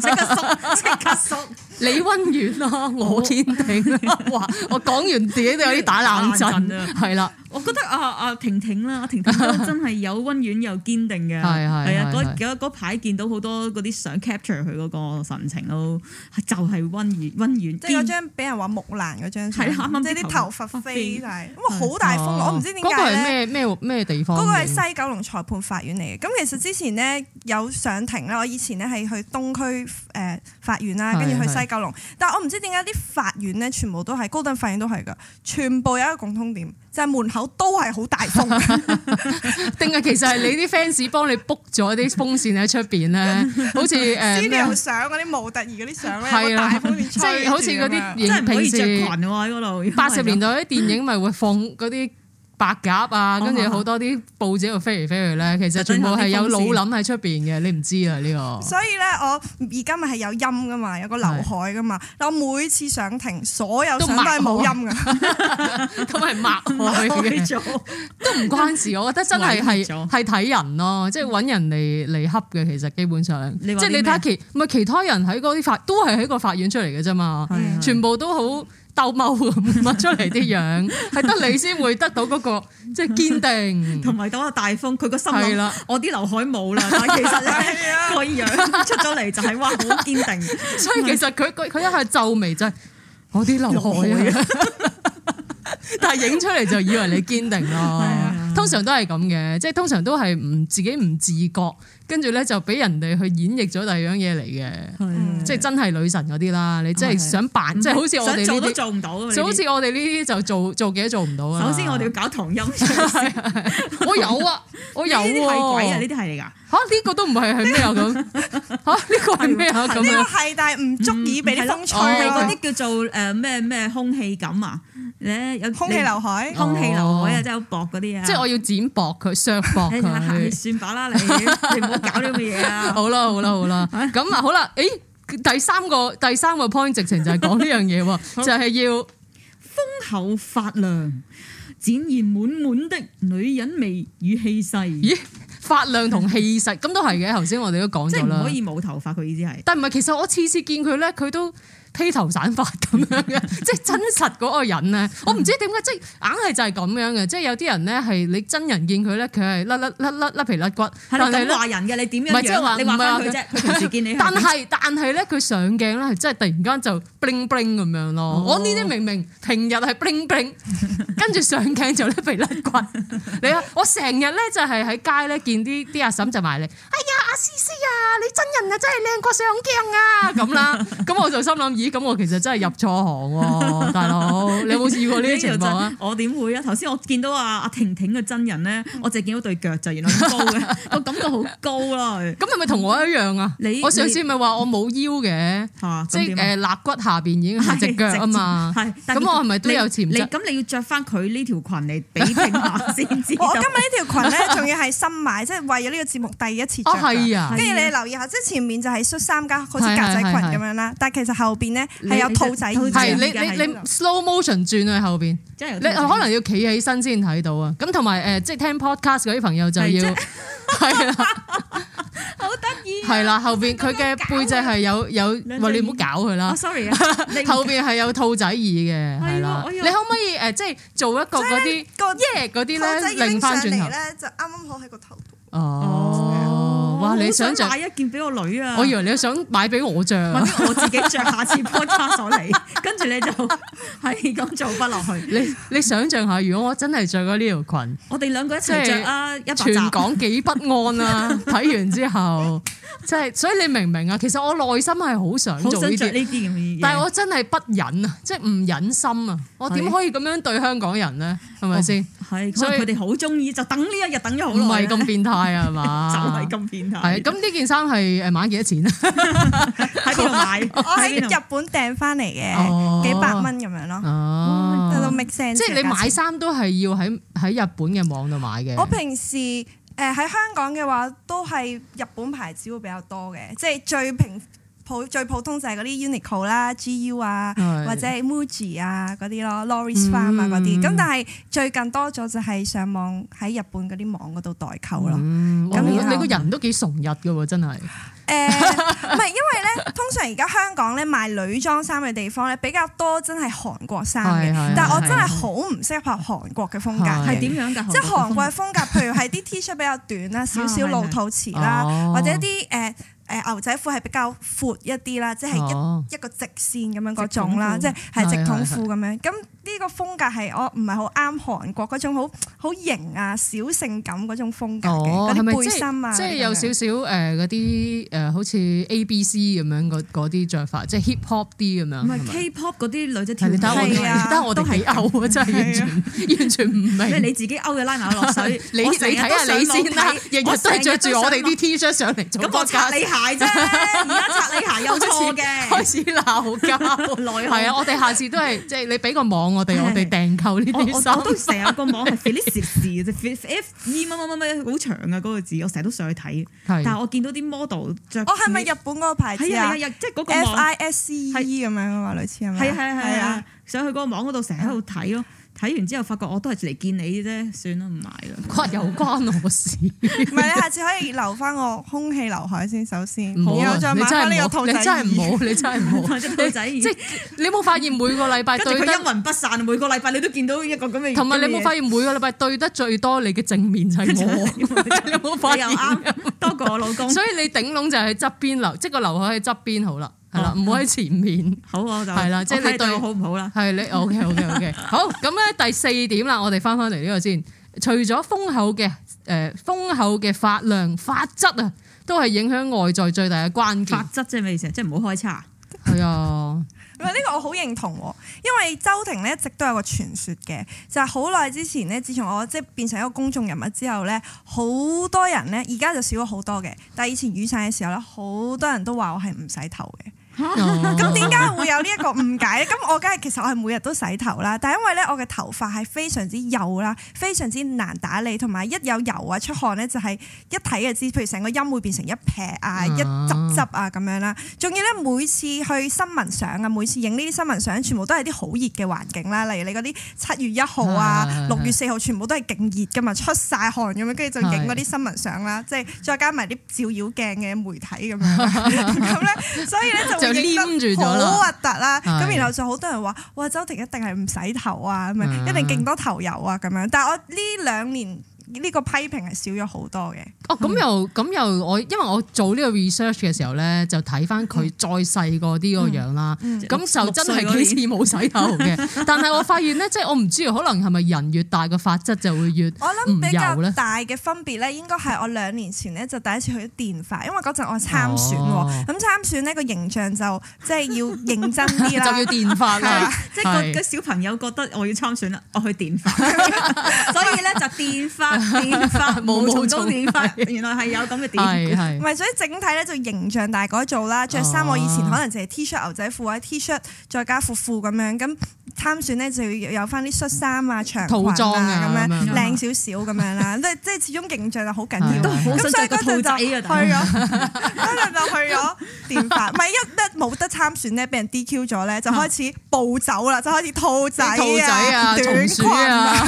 即刻縮，即刻縮，你溫婉咯，我堅定。哇！我講完自己都有啲打冷震啊。係啦，我覺得啊啊婷婷啦，婷婷真係有溫婉又堅定嘅。係啊，嗰排見到好多嗰啲相 capture 佢嗰個神情咯，就係溫婉，溫婉。即係嗰張俾人話木蘭嗰張相。係即係啲頭髮飛曬。咁啊好大風，我唔知點解咩咩咩地方？嗰個係西九龍裁判法院嚟嘅。咁其實之前呢，有上庭。我以前咧係去東區誒法院啦，跟住去西九龍，是的 但係我唔知點解啲法院咧全部都係高等法院都係噶，全部有一個共通點，就係、是、門口都係好大風。定係其實係你啲 fans 幫你 book 咗啲風扇喺出邊咧，好似誒，啲相嗰啲模特兒嗰啲相咧， 有，有大風吹，即係 好似嗰啲，即係唔可以着裙喎喺嗰度。八十年代啲電影咪會放嗰啲。白鴿啊，跟住好多啲報紙喺度飛嚟飛去咧，其實全部係有腦諗喺出邊嘅，你唔知啊呢、呢個。所以咧，我而家咪係有音噶嘛，有個劉海噶嘛，是我每次上庭，所有都唔抹 係冇音噶，咁係抹落去做。都唔關事，我覺得真係係係睇人咯，即係揾人嚟嚟恰嘅，其實基本上，即係你睇下，其唔其他人喺嗰啲法都係喺個法院出嚟嘅啫嘛，的的全部都好。斗踴咁出嚟啲樣，係得 你先會得到嗰、那個即係堅定，同埋到阿大風佢個心係啦，的我啲劉海冇啦，但係其實個 樣出咗嚟就係、是、哇好堅定，所以其實佢佢 一下皺眉就係、是、我啲劉海啊、劉海啊、 但係影出嚟就以為你堅定咯。通常都係咁嘅，即係通常都係唔自己唔自覺，跟住咧就俾人哋去演繹咗第二樣嘢嚟嘅，即係真係女神嗰啲啦。你即係想扮，即係好似我哋呢啲，想做都做唔到。就好似我哋呢啲就做做幾都做唔到啊！首先我哋要搞同音，我有啊，我有啊。呢啲係鬼啊！呢啲係嚟噶嚇？呢個都唔係係咩咁嚇？呢個係咩啊？咁呢個係，但係唔足以俾你分菜咯。嗰啲叫做誒咩咩空氣感啊？咧有空氣劉海，空氣劉海啊，真係好薄嗰啲啊！即係。我要剪薄佢，削薄佢， 算罷啦 你，你唔好搞呢個嘢啊！好啦，好啦，好啦，咁啊，好啦，誒，第三個第三個 point 直情就係講呢樣嘢， 好就係要豐厚髮量，展現滿滿的女人味與氣勢。咦，髮量同氣勢咁都係嘅。頭先我哋都講咗啦，即係可以冇頭髮。佢意思係，但唔係，其實我次次見佢咧，佢都。披頭散髮咁樣嘅，即係真實嗰個人咧，我唔知點解，即係硬係就係咁樣嘅，即係有啲人咧係你真人見佢咧，佢係甩甩甩甩甩皮甩骨，但係你話人嘅，你點樣即係話你話翻佢啫？佢平時見你， 但係但係咧，佢上鏡咧係真係突然間就冰冰咁樣咯。哦、我呢啲明明平日係冰冰，跟住上鏡就甩皮甩骨。你啊，我成日咧就係喺街咧見啲啲阿嬸就埋嚟，阿詩詩啊，你真人啊，真係靚過上鏡啊，咁啦，咁我就心諗，咦，咁我其實真係入錯行喎。大佬，你有冇試過呢啲情況啊？我點會啊？頭先我見到阿阿婷婷嘅真人咧，我淨係見到對腳就，原來好高嘅，我感覺好高咯。咁係咪同我一樣啊？我上次咪話我冇腰嘅，即係誒肋骨下邊已經係隻腳啊嘛。咁我係咪都有潛質？咁你要着翻佢呢條裙嚟，比拼下先知。我今日呢條裙咧，仲要係新買，即係為咗呢個節目第一次着知啊！跟住你留意下，即係前面就係恤衫加好似格仔裙咁樣啦，但係其實後邊咧係有兔仔耳。係你你你 slow motion 轉去後邊，你可能要企起身先睇到啊！咁同埋誒，即係聽 podcast 嗰啲朋友就要係啦，好得意。係啦，後邊佢嘅背脊係有有，喂你唔好搞佢啦。Sorry 啊，後邊係有兔仔耳嘅，係啦。你可唔可以誒，即係做一個嗰啲 yeah 嗰啲咧，拎翻轉頭咧，就啱啱好喺個頭度哦。哇！你想買一件俾我女啊？我以為你想買俾我着，我自己着下次 po 咗你。跟住你就係咁做不落去。你你想象下，如果我真係着咗呢條裙，我哋兩個一齊着，啊！全港幾不安啊！睇完之後，即係所以你明唔明啊？其實我內心係好想做呢啲咁嘅嘢，但係我真係不忍啊，即係唔忍心啊！我點可以咁樣對香港人呢？係咪先？係，所以佢哋好中意，就等呢一日等咗好耐，唔係咁變態係嘛？就係咁變。係，咁呢件衫係誒買幾多錢？喺邊度 買？我喺 日本訂翻嚟嘅，幾百蚊咁樣咯。哦，喺、啊、m i x i 即係你買衫都係要喺喺日本嘅網度買嘅。我平時誒喺香港嘅話，都係日本牌子會比較多嘅，即係最平。最普通就係嗰啲 Uniqlo 啦、GU 啊，或者係 Muji 啊嗰啲咯 Lowrys Farm 啊嗰啲。咁但係最近多咗就係上網喺日本嗰啲網嗰度代購咯。咁、嗯、後你個人都幾崇日嘅喎，真係。誒、欸，唔係 因為咧，通常而家香港咧賣女裝衫嘅地方咧比較多，真係韓國衫嘅。是的是的但係我真係好唔適合韓國嘅風格，係點樣㗎？即係韓國嘅風格，譬如係啲 T 恤比較短啦， 少少露肚臍啦，或者啲誒。啊誒牛仔褲係比較闊一啲啦，即係一一個直線咁樣嗰種啦，即係係直筒褲咁樣。咁呢個風格係我唔係好啱，韓國嗰種好好型啊、小性感嗰種風格嘅嗰啲背心啊。即係有少少誒嗰啲誒好似 A B C 咁樣嗰啲着法，即係 hip hop 啲咁樣。唔係 K pop 嗰啲女仔，但係我但我都係歐啊？真係完全完全唔明。係你自己歐嘅，拉牙落水，你睇下你先啦，日日都係着住我哋啲 t 恤上嚟。咁我你。鞋啫，而家擦你鞋又錯嘅，開始鬧交，係啊！我哋下次都係即係你俾個網我哋，我哋訂購呢啲衫我都成日個網係 f i s e y 嘅 f F 乜乜乜乜好長啊！嗰個字我成日都上去睇，但係我見到啲 model 著。我係咪日本個牌子啊？即係嗰個 Fisee 咁樣啊嘛，類似係嘛？係啊係啊，上去嗰個網嗰度成日喺度睇咯。睇完之後，發覺我都係嚟見你啫，算啦，唔買啦，關又關我事。唔係，你下次可以留翻個空氣劉海先，首先，然後再買翻呢個你真係唔好，你真係唔好，隻兔仔。即係你冇發現每個禮拜跟住佢陰魂不散。每個禮拜你都見到一個咁嘅。同埋你冇發現每個禮拜對得最多，你嘅正面就係我。你冇發現又啱，多過我老公。所以你頂籠就係喺側邊留，即係個劉海喺側邊好啦。係啦，唔好喺前面。好，我就係啦，即係你對我好唔好啦？係你，OK，OK，OK。好，咁咧、okay, okay, okay. 第四點啦，我哋翻翻嚟呢個先。除咗豐厚嘅誒豐厚嘅髮量髮質啊，都係影響外在最大嘅關鍵。髮質即係咩意思？即係唔好開叉。係啊的。唔係呢個我好認同，因為周庭咧一直都有個傳說嘅，就係好耐之前咧，自從我即係變成一個公眾人物之後咧，好多人咧而家就少咗好多嘅，但係以前雨傘嘅時候咧，好多人都話我係唔洗頭嘅。咁點解會有呢一個誤解咧？咁我梗係其實我係每日都洗頭啦，但係因為咧我嘅頭髮係非常之幼啦，非常之難打理，同埋一有油啊出汗咧就係、是、一睇就知，譬如成個音會變成一撇啊、嗯、一執執啊咁樣啦。仲要咧每次去新聞相啊，每次影呢啲新聞相，全部都係啲好熱嘅環境啦，例如你嗰啲七月一號啊、六月四號，全部都係勁熱㗎嘛，出晒汗咁樣，跟住就影嗰啲新聞相啦，即係再加埋啲照妖鏡嘅媒體咁樣，咁咧所以咧就。跟住好核突啦！咁是然後就好多人話：「哇，周庭一定係唔洗頭啊，咁樣、嗯、一定勁多頭油啊，咁樣。但係我呢兩年。呢個批評係少咗好多嘅。哦，咁又咁又我，因為我做呢個 research 嘅時候咧，就睇翻佢再細個啲個樣啦。咁、嗯、就真係幾次冇洗頭嘅。嗯嗯、但係我發現咧，即係 我唔知，可能係咪人越大個髮質就會越。我諗比較大嘅分別咧，應該係我兩年前咧就第一次去咗電髮，因為嗰陣我參選喎。咁、哦、參選呢個形象就即係要認真啲啦。 就要電髮啦。即係個個小朋友覺得我要參選啦，我去電髮， 所以咧就電髮。變化冇冇咁多變化，原來係有咁嘅變化，係係，唔係所以整體咧就形象大改造啦，着衫我以前可能淨係 T 恤牛仔褲或者 T 恤再加褲褲咁樣咁。參選咧就要有翻啲恤衫啊、長裙啊咁、啊、樣靚少少咁樣啦，即係即係始終競賽就好緊要。咁 所以嗰陣就去咗，嗰陣 就去咗電髮，唔係一一冇得參選咧，俾人 DQ 咗咧，就開始暴走啦，就開始兔仔啊、啊短裙啊，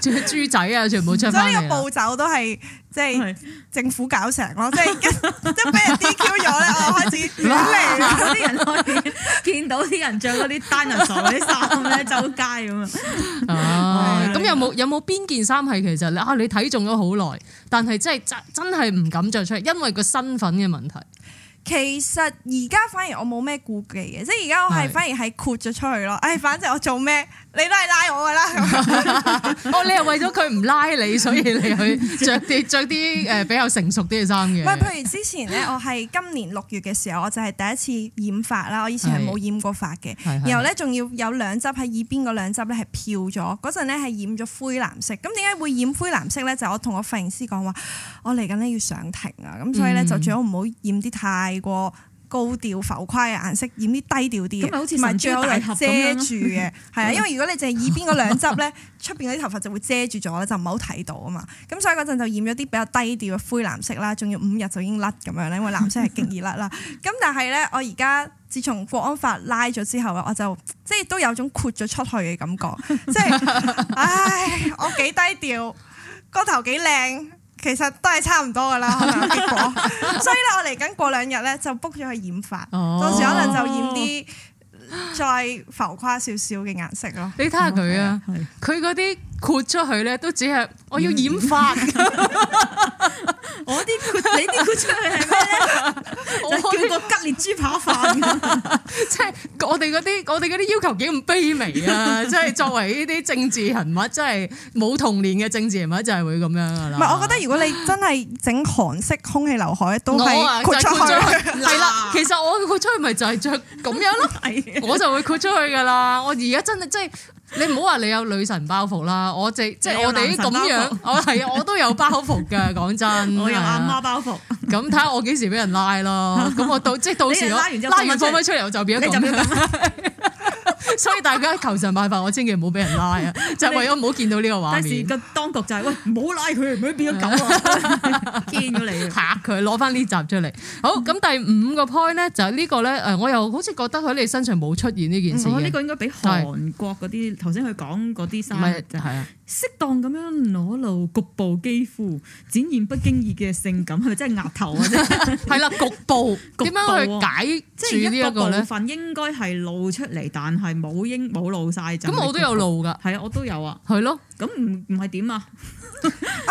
仲著豬仔啊，全部出翻嚟。所以呢個暴走都係。即係政府搞成咯，即係一即係俾人 DQ 咗咧， 我開始遠離，啲人開始見到啲人着嗰啲單人床啲衫咧，周街咁啊！咁，有冇有冇邊件衫係其實你啊你睇中咗好耐，但係真係真係唔敢着出嚟，因為個身份嘅問題。其實而家反而我冇咩顧忌嘅，即係而家我係反而係豁咗出去咯。唉、哎，反正我做咩？你都係拉拉我噶啦， 哦，你又為咗佢唔拉你，所以你去着啲著啲誒比較成熟啲嘅衫嘅。唔係，譬如之前咧，我係今年六月嘅時候，我就係第一次染髮啦。我以前係冇染過髮嘅，是然後咧，仲要有兩執喺耳邊，嗰兩執咧係漂咗。嗰陣咧係染咗灰藍色。咁點解會染灰藍色咧？就是、我同我髮型師講話，我嚟緊咧要上庭啊，咁所以咧就最好唔好染啲太過高調浮誇嘅顏色，染啲低調啲，好似唔係最好嚟，遮住嘅，係啊，因為如果你淨係耳邊嗰兩執咧，出邊嗰啲頭髮就會遮住咗咧，就唔好睇到啊嘛。咁所以嗰陣就染咗啲比較低調嘅灰藍色啦，仲要五日，就已經甩咁樣咧，因為藍色係勁易甩啦。咁 但係咧，我而家自從國安法拉咗之後咧，我就即係都有種豁咗出去嘅感覺，即係，唉，我幾低調，個頭幾靚。其實都係差唔多噶啦，可能結果。 所以咧，我嚟緊過兩日咧，就 book 咗去染髮，到、哦、時可能就染啲再浮誇少少嘅顏色咯。你睇下佢啊，佢嗰啲豁出去咧，都只係我要染髮。嗯 我啲，你啲豁出去係咩咧？我叫個吉列豬扒飯，即係我哋嗰啲，我哋啲要求幾咁卑微啊！即係 作為呢啲政治人物，即係冇童年嘅政治人物就係會咁樣噶啦。唔係，我覺得如果你真係整韓式空氣劉海，都係豁出去。係啦 ，其實我豁出去咪就係着咁樣咯。 我就會豁出去噶啦。我而家真係即係。你唔好話你有女神包袱啦，我即即係我哋啲咁樣，我係啊，我都有包袱噶，講真。我有阿媽包袱，咁睇下我幾時俾人拉咯，咁 我到即到時我拉完放咪出嚟，是我就變咗咁樣。 所以大家求神拜佛，我千祈唔好俾人拉啊！就你為咗唔好見到呢個畫面。當時個當局就係、是、喂，唔好拉佢，唔好變咗狗啊！ 見咗你，拍佢，攞翻呢集出嚟。好，咁第五個 point 咧，就呢、是這個咧，誒，我又好似覺得喺你身上冇出現呢件事。呢、啊這個應該俾韓國嗰啲頭先佢講嗰啲衫，係啊、就是，適當咁樣裸露局部肌膚，展現不經意嘅性感，係咪？即係額頭啊，係啦， 局部。點部樣去解呢？即係一個部分應該係露出嚟，但係。冇英冇露曬，咁我都有露噶，係啊，我都有 啊，係咯，咁唔唔係點啊？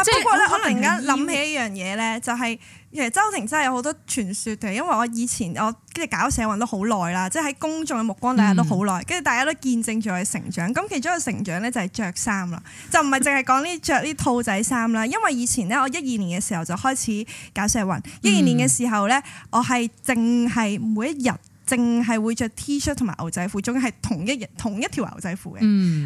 即係，不過咧，可能而家諗起一樣嘢咧，就係、是、其實周庭真係有好多傳説嘅，因為我以前我跟住搞社運都好耐啦，即係喺公眾嘅目光底下都好耐，跟住、嗯、大家都見證住佢成長。咁其中嘅成長咧就係着衫啦，就唔係淨係講呢着呢兔仔衫啦，因為以前咧我一二年嘅時候就開始搞社運，嗯、一二年嘅時候咧我係淨係每一日。淨係會着 T-shirt 同埋牛仔褲，仲要係同一日同一條牛仔褲嘅，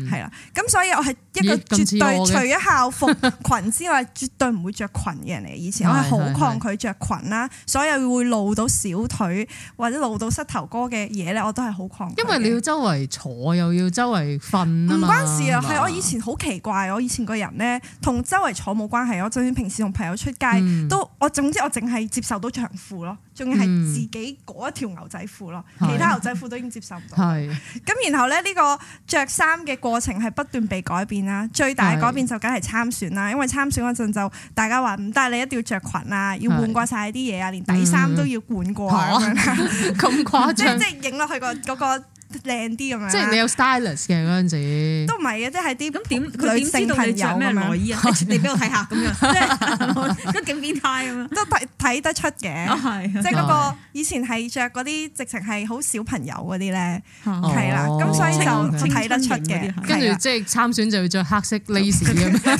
係啦、嗯。咁所以我係一個絕對除咗校服裙之外，絕對唔會着裙嘅人嚟。以前我係好抗拒着裙啦，是是是是所以會露到小腿或者露到膝頭哥嘅嘢咧，我都係好抗拒。因為你要周圍坐又要周圍瞓，唔關事啊。係我以前好奇怪，我以前個人咧同周圍坐冇關係。我就算平時同朋友出街都，我、嗯、總之我淨係接受到長褲咯，仲要係自己嗰一條牛仔褲。嗯嗯。其他牛仔褲都已經接受唔到。咁是然後咧，呢、呢個着衫嘅過程係不斷被改變啦。最大嘅改變就梗係參選啦，是因為參選嗰陣就大家話唔得，你一定要着裙啊，是要換過晒啲嘢啊，連底衫都要換過啊咁、嗯、樣。咁 誇張，即係影落去、嗰個嗰個。靚啲咁樣，即係你有 stylist 嘅嗰陣時，都唔係啊，即係啲咁點佢點知道你着咩內衣啊？你俾我睇下咁樣，即係都幾變態咁樣，都睇睇得出嘅，即係嗰個以前係着嗰啲直情係好小朋友嗰啲咧，係啦，咁所以就睇得出嘅。跟住即係參選就要着黑色蕾絲咁樣，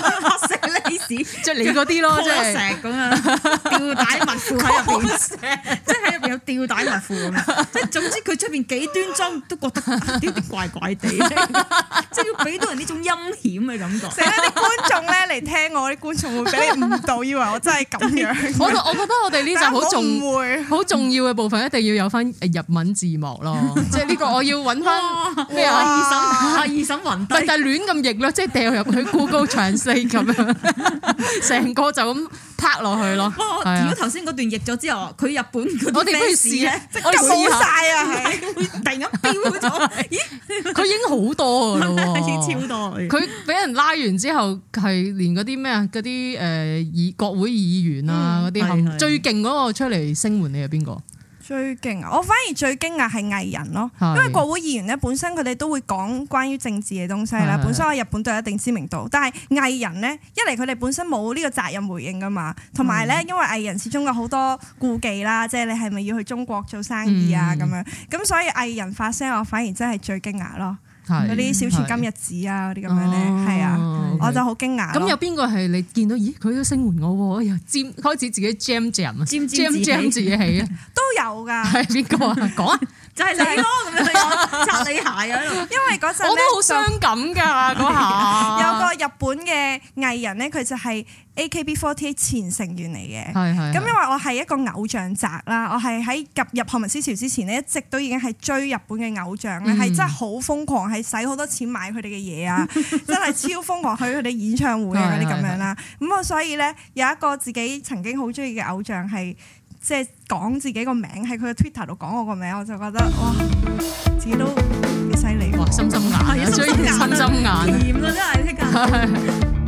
黑色蕾絲着你嗰啲咯，即係成咁樣吊帶襪褲喺入邊，即係喺入邊有吊帶襪褲咁樣，即係總之佢出邊。幾端莊都覺得有啲怪怪地， 即係俾到人呢種陰險嘅感覺。成日啲觀眾咧嚟聽我，啲 觀眾會 get 唔以為我真係咁樣。我我覺得我哋呢就好重好重要嘅部分，一定要有翻日文字幕咯。即係呢個我要揾翻咩啊二審、啊、二審雲低， 就係亂咁譯咯，即係掉入去高高唱 g l 咁樣，成個就咁。拍落去咯！如果頭先嗰段譯咗之後，佢日本我哋不如試咧，即係救晒啊！係會突然咁飚咗， 咦？佢已經好多噶啦， 超多佢俾人拉完之後，係連嗰啲咩啊，嗰啲誒議國會議員啊嗰啲，嗯、是是最勁嗰個出嚟聲援你係邊個？最驚訝，我反而最驚訝係藝人咯，因為國會議員咧本身佢哋都會講關於政治嘅東西啦。本身我喺日本都有一定知名度，但係藝人咧一嚟佢哋本身冇呢個責任回應㗎嘛，同埋咧因為藝人始終有好多顧忌啦，即係你係咪要去中國做生意啊咁樣，咁、嗯、所以藝人發聲我反而真係最驚訝咯。嗰啲小傳今日子啊，嗰啲咁樣咧，係啊，我就好驚訝。咁有邊個係你見到？咦，佢都聲援我喎！又開始自己 jam jam 啊，jam jam 自己起啊，都有㗎。係邊個啊？講。就係你咯，咁樣擦你鞋啊！因為嗰陣我都好傷感噶嗰下。有個日本嘅藝人咧，佢就係 AKB48 前成員嚟嘅。係係。咁因為我係一個偶像宅啦，我係喺入入學民思潮之前咧，一直都已經係追日本嘅偶像咧，係、嗯、真係好瘋狂，係使好多錢買佢哋嘅嘢啊，真係超瘋狂去佢哋演唱會啊嗰啲咁樣啦。咁啊，所以咧有一個自己曾經好中意嘅偶像係。即係講自己個名喺佢嘅 Twitter 度講我個名，我就覺得哇，自己都幾犀利。哇，心心眼，一張眼心心眼啊！掂咗係。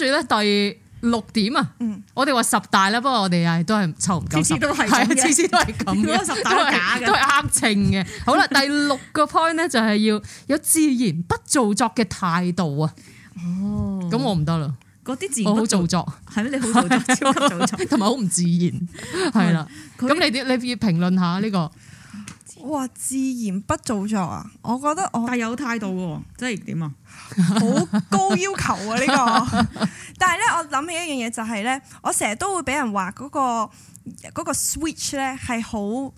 最咧第六點啊，我哋話十大啦，不過我哋啊都係湊唔夠，次次都係，係次次都係咁嘅，都係假都係啱稱嘅。好啦，第六個 point 咧就係要有自然不做作嘅態度啊。 哦，咁我唔得啦，啲自然好做作，係咩？你好做作，超級做作，同埋好唔自然，係啦。咁他 你點？你要評論下呢個。哇！自然不做作啊，我覺得我但有態度喎，即係點啊？ 好高要求啊呢、這個， 但係咧、就是，我諗起一樣嘢就係咧，我成日都會俾人話嗰、那個、那個、switch 咧係好誒、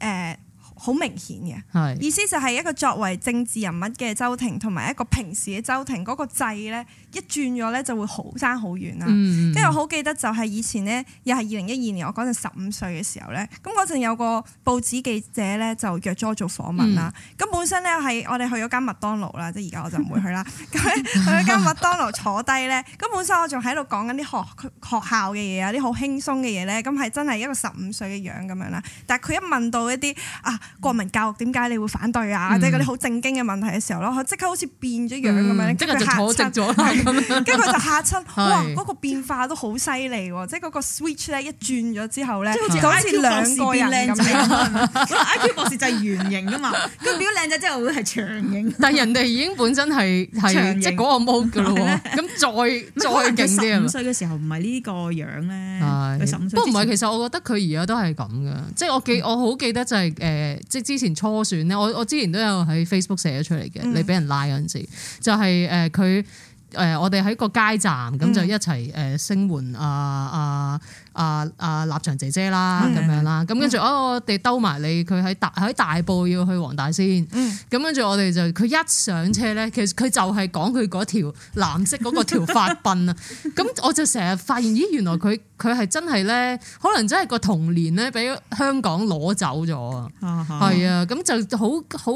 呃、好明顯嘅，是意思就係一個作為政治人物嘅周庭同埋一個平時嘅周庭嗰個掣咧。一轉咗咧就會好爭好遠啦，跟住我好記得就係以前咧，又係二零一二年，我嗰陣十五歲嘅時候咧，咁嗰陣有個報紙記者咧就約咗我做訪問啦。咁、嗯、本身咧係我哋去咗間麥當勞啦，即係而家我就唔會去啦。咁 去咗間麥當勞坐低咧，咁本身我仲喺度講緊啲學學校嘅嘢啊，啲好輕鬆嘅嘢咧，咁係真係一個十五歲嘅樣咁樣啦。但係佢一問到一啲啊國民教育點解你會反對啊，或者嗰啲好正經嘅問題嘅時候咯，即刻好似變咗樣咁樣，即係就坐直咗。 跟住佢就嚇親，哇！嗰、嗰個變化都好犀利，即係嗰個 switch 咧一轉咗之後咧，即係好似兩個人咁樣。因為 IQ 博士就係圓形噶嘛，咁變咗靚仔之後會係長形。但係人哋已經本身係係即係嗰個 mode 噶啦，咁再再勁啲佢十五歲嘅時候唔係呢個樣咧，佢十五歲。唔係，其實我覺得佢而家都係咁噶，嗯、即係我記我好記得就係誒，即係之前初選咧，我我之前都有喺 Facebook 寫咗出嚟嘅，你俾人拉嗰陣時，就係誒佢。誒，我哋喺個街站咁就、嗯、一齊誒聲援啊啊啊啊！立場姐姐啦，咁、嗯、樣啦，咁跟住哦，我哋兜埋你，佢喺大喺大埔要去黃大仙，咁跟住我哋就佢一上車咧，其實佢就係講佢嗰條藍色嗰個條髮鬢啊，咁 我就成日發現，咦，原來佢佢係真係咧，可能真係個童年咧俾香港攞走咗啊，哈 啊，係啊，咁就好好。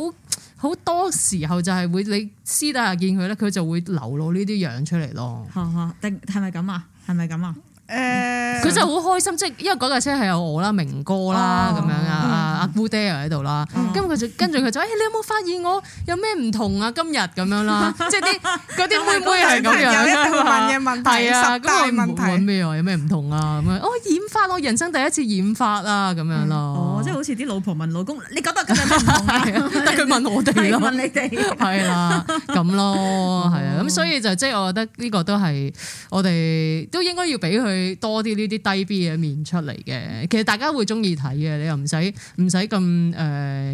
好多時候就係會你私底下見佢咧，佢就會流露呢啲樣出嚟咯。嚇嚇，定係咪咁啊？係咪咁啊？佢真係好開心，即係因為嗰架車係有我啦、明哥啦咁樣啊，阿姑爹又喺度啦，咁佢就跟住佢就誒，你有冇發現我有咩唔同啊？今日咁樣啦，即係啲嗰啲妹妹係咁樣啦，問嘅問題係啊，咁我問咩啊？有咩唔同啊？咁啊，哦染髮咯，我人生第一次染髮啊，咁樣咯。哦，即係好似啲老婆問老公，你覺得今日有咩唔同啊？得佢問我哋啦，問你哋係啦，咁咯，係啊，咁所以就即係我覺得呢個都係我哋都應該要俾佢。多啲呢啲低 B 嘅面出嚟，嘅，其實大家會中意睇嘅，你又唔使唔使咁誒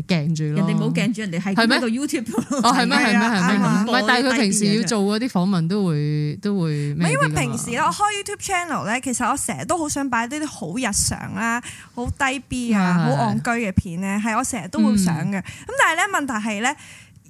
鏡住咯。人哋冇鏡住，人哋係喺個 YouTube 嗎。哦、喔，係咩？係咩？係咩？唔係，但係佢平時要做嗰啲訪問都會都會咩，因為平時我開 YouTube channel 咧，其實我成日都好想擺啲啲好日常啦、好低 B 啊的、好戇居嘅片咧，係我成日都會想嘅。咁、嗯、但係咧，問題係咧。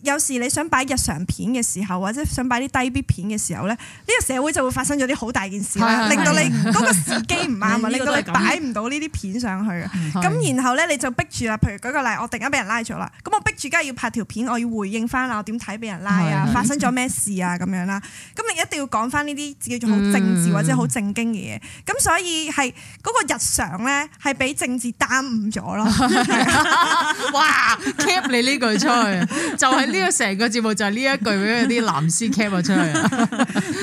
有時你想擺日常片嘅時候，或者想擺啲低 B 片嘅時候咧，呢、這個社會就會發生咗啲好大件事啦，的令到你嗰個時機唔啱啊，令到你，你擺唔到呢啲片上去啊。咁的然後咧你就逼住啦，譬如舉個例，我突然間俾人拉咗啦，咁我逼住梗係要拍條片，我要回應翻啊，我點睇俾人拉啊，的發生咗咩事啊咁樣啦。咁你一定要講翻呢啲叫做好政治或者好正經嘅嘢。咁、嗯、所以係嗰個日常咧係俾政治耽誤咗咯。哇 ，keep 你呢句出去，就係、是這個呢個成個節目就係呢一句俾啲男士 cam 咗出嚟。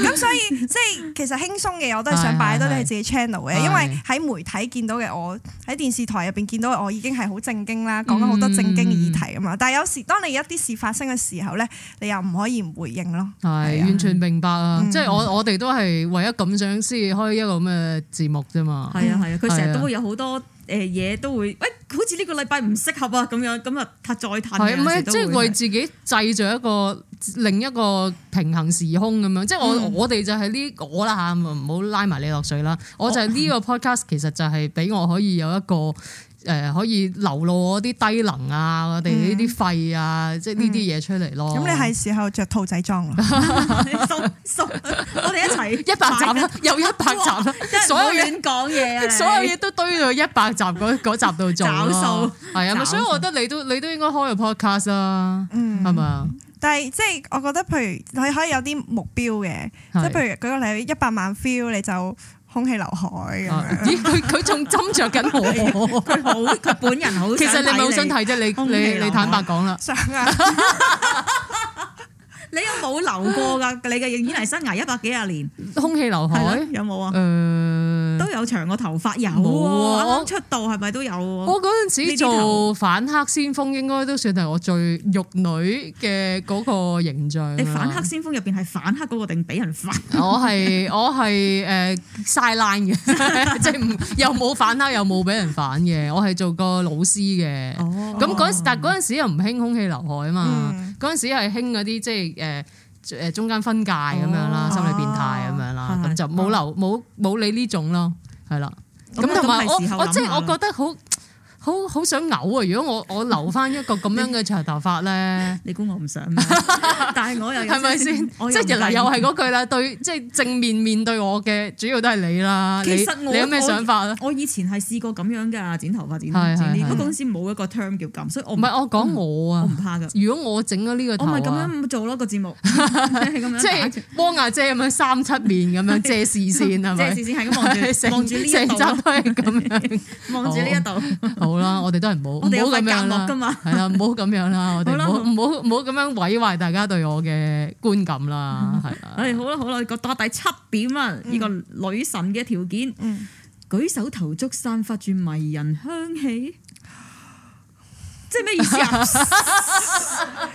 咁所以即係其實輕鬆嘅我都係想擺多啲喺自己 channel 嘅，是是是因為喺媒體見到嘅我喺電視台入邊見到我已經係好正經啦，講咗好多正經嘅議題啊嘛。嗯、但係有時當你一啲事發生嘅時候咧，你又唔可以唔回應咯。係、啊啊、完全明白啊！嗯、即係我我哋都係唯一噉想先開一個咁嘅節目啫嘛。係啊係啊，佢成日都會有好多。誒嘢都會，喂、欸，好似呢個禮拜唔適合啊咁樣，咁啊，再嘆一次都。係即係為自己製造一個另一個平行時空咁樣，即係我、嗯、我哋就係呢、這個、我啦嚇，唔好拉埋你落水啦，我就係呢個 podcast 其實就係俾我可以有一個。嗯嗯。誒可以流露我啲低能啊，我哋呢啲肺啊，即係呢啲嘢出嚟咯。咁、嗯嗯嗯、你係時候着兔仔裝啦，我哋一齊一百集啦、啊，集啊、又一百集啦、啊，啊、所有嘢講嘢，你們 所有嘢都堆到一百集嗰集度做。搞數係啊，所以我覺得你都你都應該開個 podcast 啦，係嘛？但係即係我覺得譬，譬如你可以有啲目標嘅，即係譬如舉個例，一百萬 feel 你就。是是空氣劉海啊！咦、欸，佢佢仲斟酌緊我，佢好，佢本人好。其實你唔係好想睇啫，你你你坦白講啦。想啊！ 你有冇留過噶？你嘅演藝生涯一百幾廿年，空氣劉海有冇啊？呃都有長個頭髮有，有啊、我剛剛出道係咪都有、啊？我嗰陣時做反黑先鋒，應該都算係我最玉女嘅嗰個形象。你反黑先鋒入邊係反黑嗰個定俾人反？我係我係誒 sideline 嘅，即係又冇反黑又冇俾人反嘅。我係做過老師嘅。哦。咁嗰陣時，但嗰陣時又唔興空氣劉海啊嘛。嗰陣、oh. 時係興嗰啲即係誒誒中間分界咁樣啦，oh. 心理變態咁樣啦。就冇留冇冇理呢種咯，係啦。咁同埋我我即係我覺得好。嗯好好想嘔啊！如果我我留翻一個咁樣嘅長頭髮咧，你估我唔想咩？但係我又係咪先？即係入又係嗰句啦，對，即係正面面對我嘅主要都係你啦。其實我我以前係試過咁樣㗎，剪頭髮剪剪，呢個公司冇一個 term 叫咁，所以我唔係我講我啊，我唔怕㗎。如果我整咗呢個頭，我咪咁樣做咯個節目，即係汪阿姐咁樣三七面咁樣遮視線係咪？遮視線係咁望住望住呢一度咁樣望住呢一度。好啦，嗯、我哋都係唔好唔好咁樣啦，係啦、嗯，唔好咁樣啦，我哋唔好唔好咁樣毀壞、嗯、大家對我嘅觀感啦。係、嗯，唉吧，好啦好啦，覺得第七點啊，呢、這個女神嘅條件，嗯、舉手投足散發住迷人香氣。即係咩意思？啊？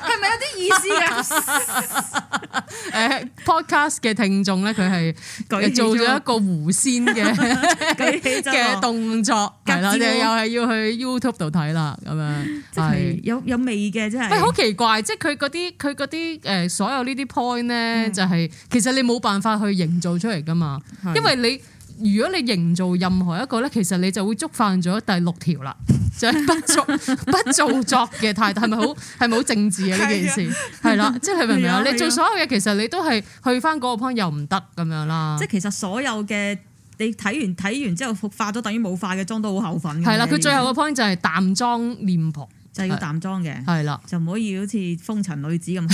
係咪有啲意思啊？誒、eh,，podcast 嘅聽眾咧，佢係做咗一個狐仙嘅嘅動作，係啦，又係要去 YouTube 度睇啦，咁樣係有是有，有味嘅，真、就、係、是。喂，好奇怪，即係佢嗰啲佢啲誒，所有呢啲 point 咧，嗯、就係其實你冇辦法去營造出嚟噶嘛，嗯、因為你。如果你營造任何一個咧，其實你就會觸犯咗第六條啦， 就係不作不做不作嘅態度，係咪好係政治嘅呢件事？係啦，即係明唔明啊？你，明啊啊你做所有嘢，其實你都係去翻嗰個 point 又唔得咁樣啦。即係、啊、其實所有嘅你睇完睇完之後化，化咗等於冇化嘅妝都好厚粉。係啦、啊，佢 最後嘅 point 就係淡妝臉婆。就要淡妝嘅，係啦，就唔可以好似風塵女子咁，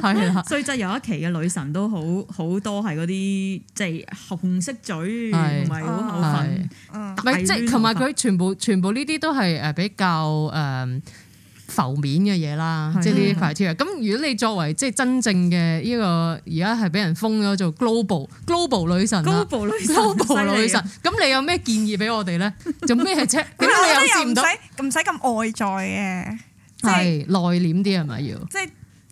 係啦，所以即有一期嘅女神都好好多係嗰啲即紅色嘴，唔係好粉，唔係即同埋佢全部全部呢啲都係誒比較誒。浮面嘅嘢啦，即係啲快貼啊！咁如果你作為即係真正嘅，呢、這個而家係俾人封咗做 global global 女神，global 女神，咁你有咩建議俾我哋咧？做咩啫？點解你又唔使唔使咁外在嘅，即、就、係、是、內斂啲係咪要？即係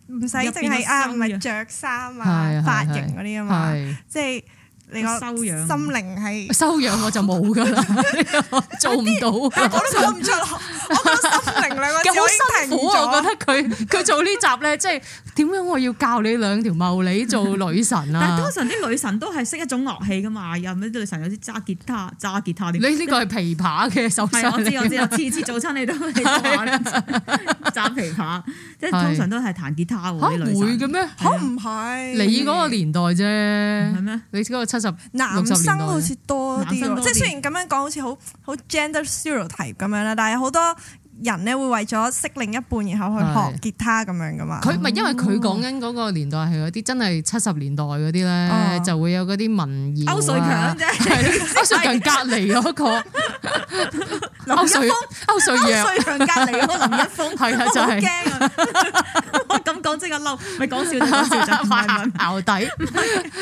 唔使淨係啊，唔係着衫啊、髮型嗰啲啊嘛，即係、就是。你個心靈係收養，我就冇噶啦，做唔到，我都做唔出。我覺得心靈兩個好辛苦。我覺得佢佢做呢集咧，即係點樣我要教你兩條茂利做女神啊！但係通常啲女神都係識一種樂器噶嘛，有咩啲女神有啲揸吉他、揸吉他點？你呢個係琵琶嘅手勢。我知我知，次次早餐你都揸琵琶，即係通常都係彈吉他喎啲女神。吓，會嘅咩？吓？唔係？你嗰個年代啫，係咩？你嗰個七。男生好似多啲，即係雖然咁樣講，好似好好 gender stereotype 咁樣啦，但係好多，人咧會為咗識另一半，然後去學吉他咁樣噶嘛？佢咪因為佢講緊嗰個年代係嗰啲真係七十年代嗰啲咧，就會有嗰啲民謠啊。歐瑞強啫，歐瑞強隔離嗰個。歐瑞風，歐瑞強隔離嗰個林一峰，係啊，就係。好驚啊！咁講真啊嬲，咪講笑講笑就唔係淆底。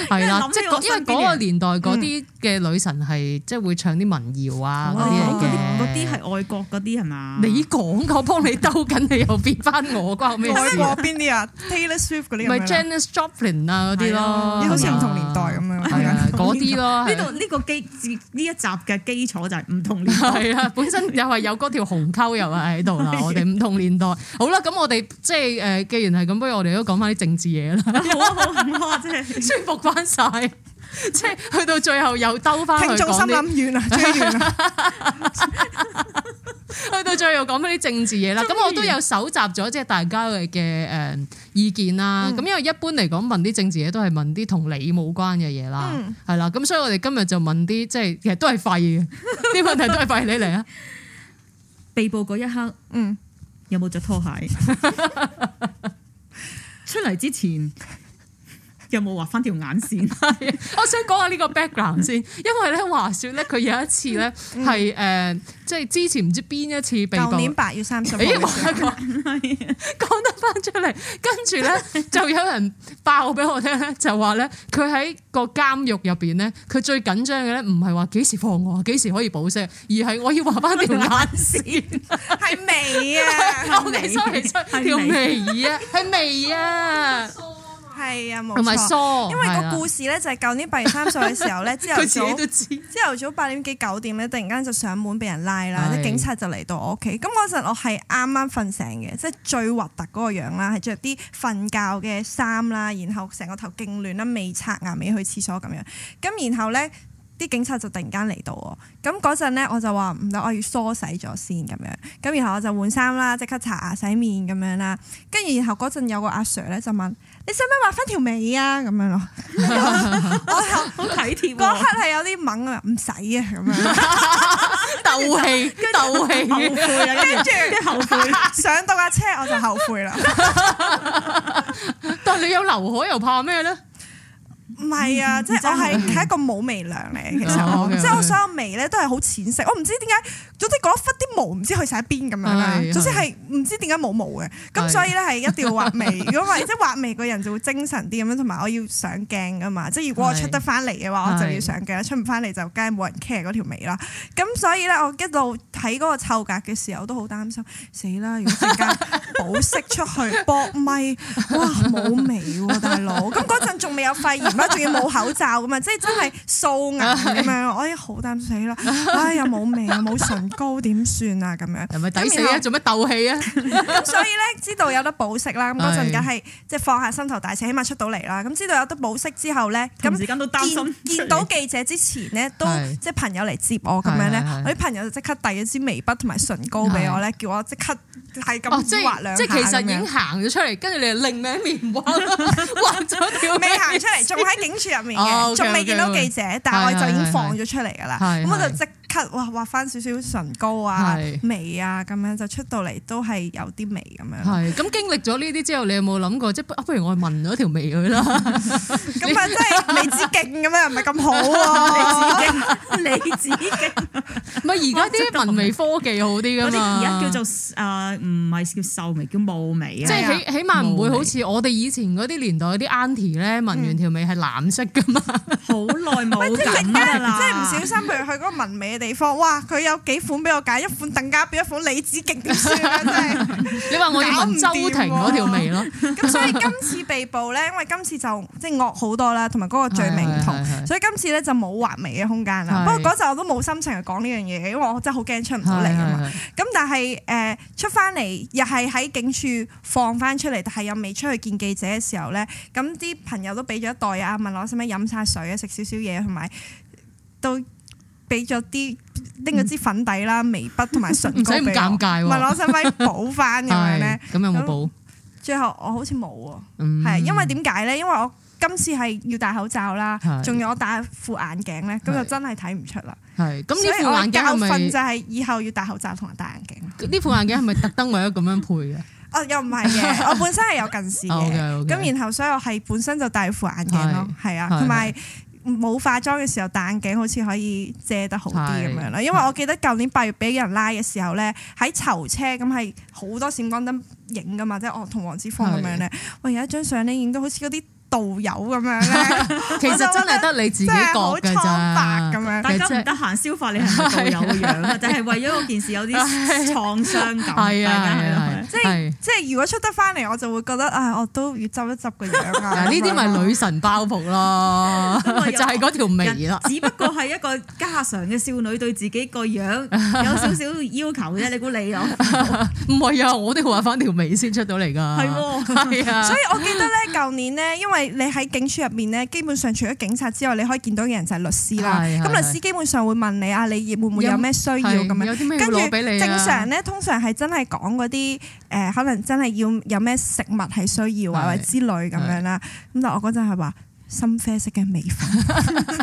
係啦，即係因為嗰個年代嗰啲嘅女神係即係會唱啲民謠啊，嗰啲係外國嗰啲係嘛？你。講過幫你兜緊，你又變翻我，關我咩？外國邊啲啊？Taylor Swift 嗰啲，唔係 Janice Joplin 啊嗰啲咯，好似唔同年代咁樣。係啊，嗰啲咯。呢度呢個基，呢一集嘅基礎就係唔同年代。係啊，本身又係有嗰條鴻溝又係喺度啦。我哋唔同年代。好啦，咁我哋即係誒，既然係咁，不如我哋都講翻啲政治嘢啦。好啊，好啊，即係舒服翻晒。即係去到最後又兜翻。聽眾心諗完啦，又講翻啲政治嘢啦，咁於我都有搜集咗，即係大家嘅嘅誒意見啦。咁、嗯、因為一般嚟講問啲政治嘢都係問啲同你冇關嘅嘢啦，係啦、嗯。咁所以我哋今日就問啲，即係其實都係廢嘅，啲 問題都係廢你嚟啊！被捕嗰一刻，嗯，有冇着拖鞋？ 出嚟之前。有冇畫翻條眼線？ 我想講下呢個 background 先，因為咧話説咧佢有一次咧係誒，即、呃、係之前唔知邊一次被捕，舊年八月三十、欸，哎呀，講 得翻出嚟，跟住咧就有人爆俾我聽咧，就話咧佢喺個監獄入邊咧，佢最緊張嘅咧唔係話幾時放我，幾時可以保釋，而係我要畫翻條眼線，係 眉啊，收皮出，係眉啊，係 眉啊。 係啊，冇錯，因為個故事咧就係舊年八月三十嘅時候咧，朝頭對了 早，朝頭 早八點幾九點咧，突然間就上門俾人拉啦，即是的 警察就嚟到我屋企。咁嗰陣我係啱啱瞓醒嘅，即係最核突嗰個樣啦，係着啲瞓覺嘅衫啦，然後成個頭勁亂啦，未刷牙，未去廁所咁樣。咁然後咧，啲警察就突然間嚟到我，咁嗰陣咧我就話唔得，我要梳洗咗先咁樣。咁然後我就換衫啦，即刻刷牙洗面咁樣啦。跟住然後嗰陣有個阿 Sir 咧就問。你使唔使畫翻條尾啊？咁樣咯， 我好後體貼。嗰刻係有啲猛啊，唔使啊咁樣鬥氣，鬥 氣，後，後悔啊！跟住啲後悔，上到架車我就後悔啦。但係你有劉海又怕咩咧？唔係啊，即係我係係一個冇眉娘嚟，其實即係、哦 okay, 我所有眉咧都係好淺色，我唔知點解。總之嗰一忽啲毛唔知去曬邊咁樣，對總之係唔知點解冇毛嘅。咁對所以咧係一定要畫眉，如果唔係即係畫眉個人就會精神啲咁樣，同埋我要上鏡啊嘛。即係如果我出得翻嚟嘅話，我就要上鏡，對出唔翻嚟就梗係冇人 care 嗰條眉啦。咁對所以咧，我一路睇嗰個臭格嘅時候，都好擔心。死啦！如果陣間保釋出去，博咪，哇冇眉喎，啊，大佬！咁嗰陣仲未有肺炎。仲要冇口罩㗎嘛，即係真係素顏咁樣，我已經好擔死啦！唉，又冇眉，冇唇膏，點算啊？咁樣又咪抵死啊？做咩鬥氣啊？所以咧，知道有得保釋啦，咁嗰陣梗係即係放下心頭大石，起碼出到嚟啦。咁知道有得保釋之後咧，咁時間都擔心。見見到記者之前咧，都即係朋友嚟接我咁樣咧，我啲朋友就即刻遞一支眉筆同埋唇膏俾我咧，叫我即刻係咁畫兩下。即係其實已經行咗出嚟，跟住你又另面畫畫咗條，未行出嚟仲喺警署入面嘅，仲未見到記者，okay, 但係我就已經放咗出嚟㗎啦。咁我就即。畫畫翻少少唇膏啊，眉啊咁樣，就出到嚟都係有啲眉咁樣。係咁經歷咗呢啲之後，你有冇諗過？即係不如我紋咗條眉佢啦。咁 啊，真係眉子勁咁樣，唔係咁好喎。眉子勁，眉子勁。唔係而家啲文眉科技好啲㗎嘛？而家 叫做啊，唔、呃、係叫瘦眉，叫霧眉啊。即係起起碼唔會好似我哋以前嗰啲年代嗰啲 Auntie 咧，紋完條眉係藍色㗎嘛。好耐冇。即係唔小心，譬如去嗰個紋眉地方哇，佢有幾款俾我揀，一款鄧家彪，一款李子敬，點算 啊！真係你話我搞唔掂周庭嗰條眉咯。咁 所以今次被捕咧，因為今次就即係惡好多啦，同埋嗰個罪名唔同，是是是是所以今次咧就冇畫眉嘅空間啦。是是不過嗰陣我都冇心情去講呢樣嘢，因為我真係好驚出唔到嚟噶嘛。咁但係誒、呃、出翻嚟又係喺警署放翻出嚟，但係又未出去見記者嘅時候咧，咁啲朋友都俾咗一袋啊，問我使唔使飲晒水啊，食少少嘢，同埋都。俾咗啲拎咗支粉底啦、眉筆同埋唇膏俾，唔使尷尬喎、啊，咪攞晒補翻嘅咩？咁 有冇補？最後我好似冇啊，係、嗯、因為點解咧？因為我今次係要戴口罩啦，仲要的我戴副眼鏡咧，咁的就真係睇唔出啦。係，咁所以我教訓就係以後要戴口罩同埋戴眼鏡。呢副眼鏡係咪特登為咗咁樣配嘅？ 哦，又唔係嘅，我本身係有近視嘅，咁、 哦 okay , okay. 然後所以我係本身就戴副眼鏡咯，係啊的，同埋。冇化妝嘅時候，戴眼鏡好似可以遮得好啲咁樣啦。對 因為我記得舊年八月俾人拉嘅時候咧，喺囚車咁係好多閃光燈影噶嘛，即係我同黃之鋒咁樣咧。對 我有一張相咧，影到好似嗰啲道友咁樣咧，其實真係得你自己講㗎咋，咁樣，大家唔得閒消化你係咪有樣啊，就係 為咗件事有啲創傷感，係啊係啊，係啊，即係即係如果出得翻嚟，我就會覺得啊、哎，我都要執一執個樣啊。呢啲咪女神包袱咯， 為我 就係嗰條眉啦。只不過係一個家常嘅少女對自己個樣有少少要求啫。你估理啊？唔係 啊，我哋話翻條眉先出到嚟噶，係啊。所以我記得咧，舊年咧，因為因為你喺警署入面咧，基本上除咗警察之外，你可以見到嘅人就係律師啦。咁的律師基本上會問你啊，你會唔會有咩需要咁樣？跟住正常咧，通常係真係講嗰啲誒，可能真係要有咩食物係需要啊，或者的之類咁樣啦。咁的但我嗰陣係話。深啡色嘅眉粉，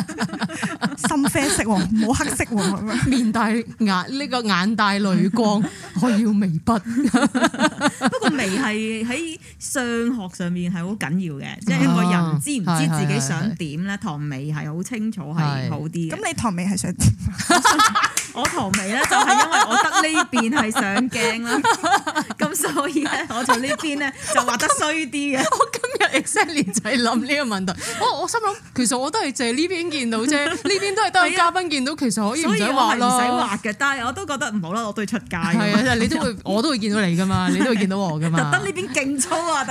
深啡色喎，冇黑色喎。面帶眼呢個 眼帶淚光，我要眉筆。 不過眉係喺相學上面係好緊要嘅，即係個人知唔知自己想點咧？唐是眉係好清楚好，係好啲。咁你唐眉係想點？ 我唐眉咧就係因為我得呢邊係上鏡啦。所以咧，我做呢邊咧就畫得衰啲嘅。我今日 exactly 就係諗呢個問題。我我心諗，其實我都係借呢邊見到啫。呢邊都係都係嘉賓見到，其實可以唔使畫咯。唔使畫嘅，但係我都覺得唔好啦，我都出街。係你都會我都會見到你噶嘛，你都會見到我噶嘛。特登呢邊勁粗啊！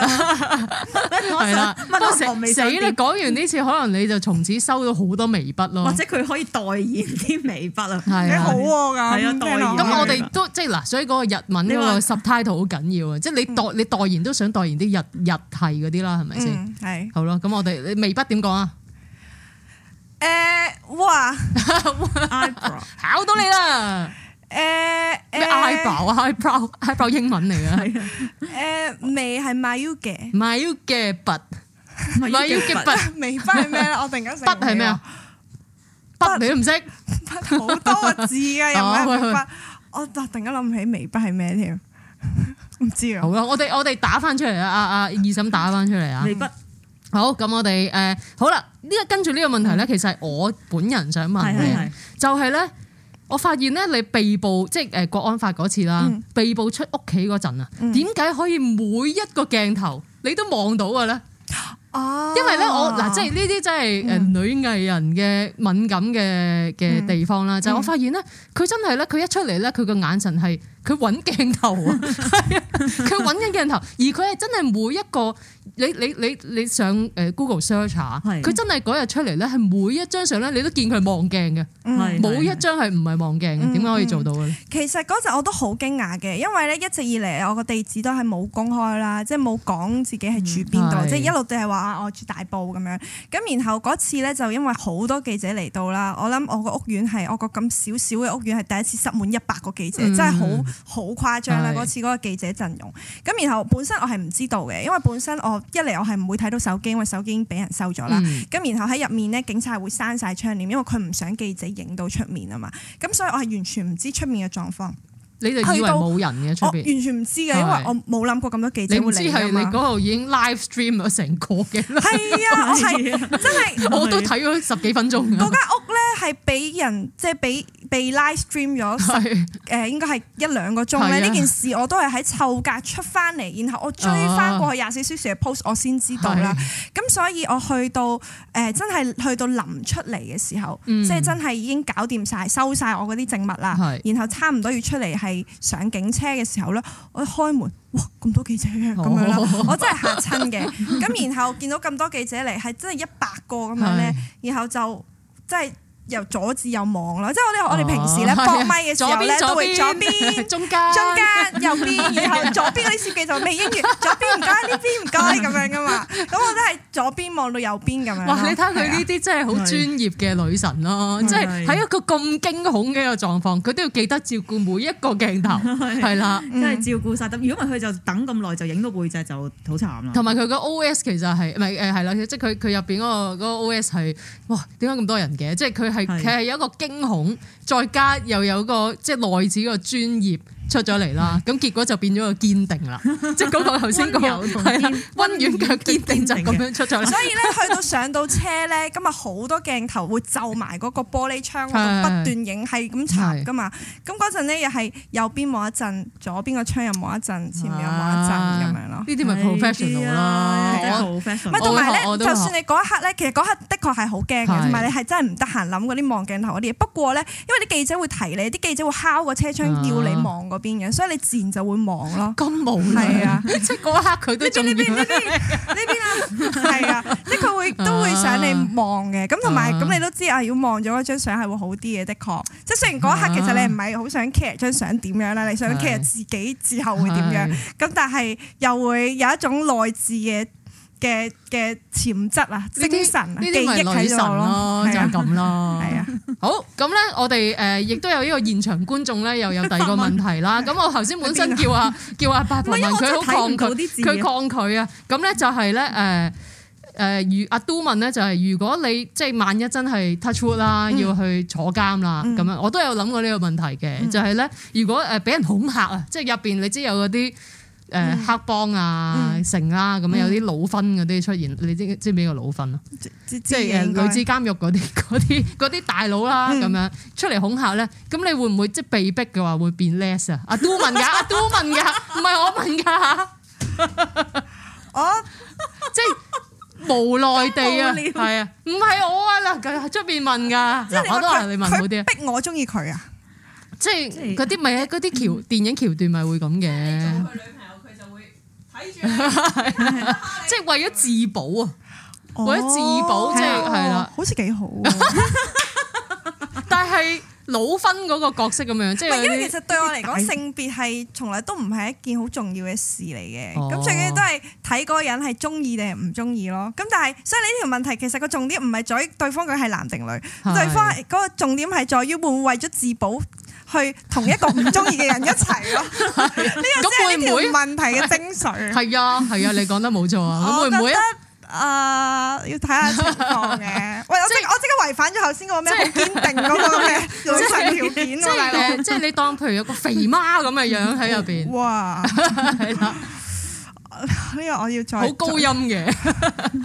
我想死，你講完呢次，可能你就從此收到好多眉筆咯？或者佢可以代言啲眉筆啊？幾好言。咁我哋都即係嗱，所以嗰個日文呢個 subtitle。緊要啊！即係你代你代言都想代言啲日日係嗰啲啦，係咪先？係，好咯，咁我哋你眉筆點講啊？誒，哇！Eyebrow 考到你啦！誒，咩 Eyebrow 啊？Eyebrow Eyebrow 英文嚟嘅？誒，眉係眉 u 嘅，眉 u 嘅筆，眉 u 嘅筆眉筆係咩咧？我突然間筆係咩啊？筆你都唔識？筆好多個字啊，又唔係眉筆。我突然間諗唔起眉筆係咩添？唔知啊、嗯呃！好啦，我哋我哋打翻出嚟啊，阿阿二嬸打翻出嚟啊。好，咁，我哋誒好啦，呢個跟住呢個問題咧，其實係我本人想問嘅，嗯、就係咧，我發現咧你被捕，即係誒國安法嗰次啦，被捕出屋企嗰陣啊，點解可以每一個鏡頭你都望到嘅咧？因為咧我嗱，即係呢啲真係誒女藝人嘅敏感嘅嘅地方啦，嗯、就係我發現咧，佢真係咧，佢一出嚟咧，佢個眼神係。佢揾鏡頭啊，佢揾緊鏡頭，而佢係真係每一個你你你你上誒 Google Search 啊，佢真係嗰日出嚟咧，係每一張相咧，你都見佢望鏡嘅，冇一張係唔係望鏡嘅，點解可以做到嘅？其實嗰陣我都好驚訝嘅，因為咧一直以嚟我個地址都係冇公開啦，即係冇講自己係住邊度，即係一路都係話我住大埔咁樣。咁然後嗰次咧就因為好多記者嚟到啦，我諗我個屋苑係我個咁少少嘅屋苑係第一次塞滿一百個記者，真係好。好誇張啦！嗰次嗰個記者陣容，咁是然後本身我係唔知道嘅，因為本身一我一嚟我係唔會睇到手機，因為手機已經俾人收咗啦。咁、嗯、然後喺入面咧，警察係會閂晒窗簾，因為佢唔想記者影到出面啊嘛。咁所以我係完全唔知出面嘅狀況。你哋去到冇人嘅我完全唔知嘅，因為我冇諗過咁多記者會嚟，你知係你嗰度已經 live stream 咗成個嘅係啊，我係真係的我都睇咗十幾分鐘嗰間屋咧係俾人即係俾被，被 live stream 咗成誒，的應該係一兩個鐘咧。呢的件事我都係喺臭格出翻嚟，然後我追翻過去廿四小時嘅 post，、啊、我先知道啦。咁的所以我去到誒、呃、真係去到臨出嚟嘅時候，嗯、即係真係已經搞掂晒收晒我嗰啲證物啦，然後差唔多要出嚟係。上警車嘅時候咧，我一開門，哇，咁多記者嘅、啊、咁、Oh. 樣啦，我真係嚇親嘅。咁 然後見到咁多記者嚟，係真係一百個咁樣咧， 然後就即係，真又左至右望啦，即係我哋我哋平時咧播咪嘅時候咧，都會左邊、中間、中間、右邊，然後左邊嗰啲攝記就未影完，左邊唔該呢邊唔該咁樣㗎嘛，咁我都係左邊望到右邊咁樣。哇！你睇佢呢啲真係好專業嘅女神咯，即係喺一個咁驚恐嘅一個狀況，佢都要記得照顧每一個鏡頭，係啦，真係照顧晒。咁如果唔係佢就等咁耐就影到背脊就好慘啦。同埋佢個 OS 其實係唔係誒係啦，即係佢佢入邊嗰個嗰個 OS 係哇點解咁多人嘅？即係佢。係，佢係有一個驚恐，再加又有個即係內置個專業。出咗嚟啦，咁結果就變咗個堅定啦，即係嗰個頭先嗰個，係啦，溫婉嘅堅定就咁樣出咗嚟。所以咧，去到上到車咧，今日好多鏡頭會就埋嗰個玻璃窗不斷影，係咁插㗎嘛。咁嗰陣咧又係右邊望一陣，左邊個窗又望一陣，前面又望一陣咁樣咯。呢啲咪 professional 咯，咪同埋咧，就算你嗰一刻咧，其實嗰刻的確係好驚嘅，同埋你係真係唔得閒諗嗰啲望鏡頭嗰啲嘢。不過咧，因為啲記者會提你，啲記者會敲個車窗叫你望。邊嘅，所以你自然就會望咯，咁冇係啊，即嗰刻佢都中意呢邊呢邊呢邊啊，係邊 啊，啊 即係佢會都會想你望嘅，咁同埋咁你都知啊，要望咗一張相係會好啲嘅，的確，即係雖然嗰一刻其實你唔係好想 care 張相點樣啦，啊、你想 care 自己之後會點樣，咁是但係又會有一種內置嘅。嘅嘅潛質啊，精神，神啊，呢啲咪女神咯，就係咁咯，係啊。好咁咧，我哋誒亦都有呢個現場觀眾咧，又有第二個問題啦。咁文我頭先本身叫啊裡叫阿、啊啊、八婆問佢好是抗拒，佢抗拒啊。咁咧就係咧誒誒，如、呃呃、阿 Do 問咧就係、是、如果你即係萬一真係 touch wood 啦，要去坐監啦咁、嗯、樣，我都有諗過呢個問題嘅，嗯、就係咧如果誒俾人恐嚇啊，即係入邊你知有嗰啲。誒黑幫啊，成啦咁樣有啲老婚嗰啲出現，你知知唔知邊個老婚啊？即係女子監獄嗰啲嗰啲嗰啲大佬啦咁樣出嚟恐嚇咧，咁你會唔會即係被逼嘅話會變 less 啊？阿 do 問噶，阿 do 問噶，唔係我問噶嚇，哦，即係無奈地啊，係啊，唔係我啊嗱，喺出邊問噶嗱，我都話你問好啲啊，逼我中意佢啊，即係嗰啲咪係嗰啲橋電影橋段咪會咁嘅。 即係為咗自保啊，為咗自保，哦、自保即係係啦，對對好似幾好， 但係。老婚嗰個角色咁樣，即係因為其實對我嚟講，哎、性別係從來都唔係一件好重要嘅事嚟嘅。咁最緊要都係睇嗰個人係中意定係唔中意咯。咁但係，所以你呢條問題其實個重點唔係在對方佢係男定女，對方係嗰個重點係在於會唔會為咗自保去同一個唔中意嘅人一齊咯。呢個先係條問題嘅精髓。係啊，係啊，你講得冇錯啊。會唔會啊？啊，要睇下情況嘅。喂，我即我即刻違反咗頭先嗰個咩好堅定嗰個咩資格條件咯，大佬。即係你當譬如有個肥媽咁嘅樣喺入邊。哇，係啦，呢個我要再。好高音嘅，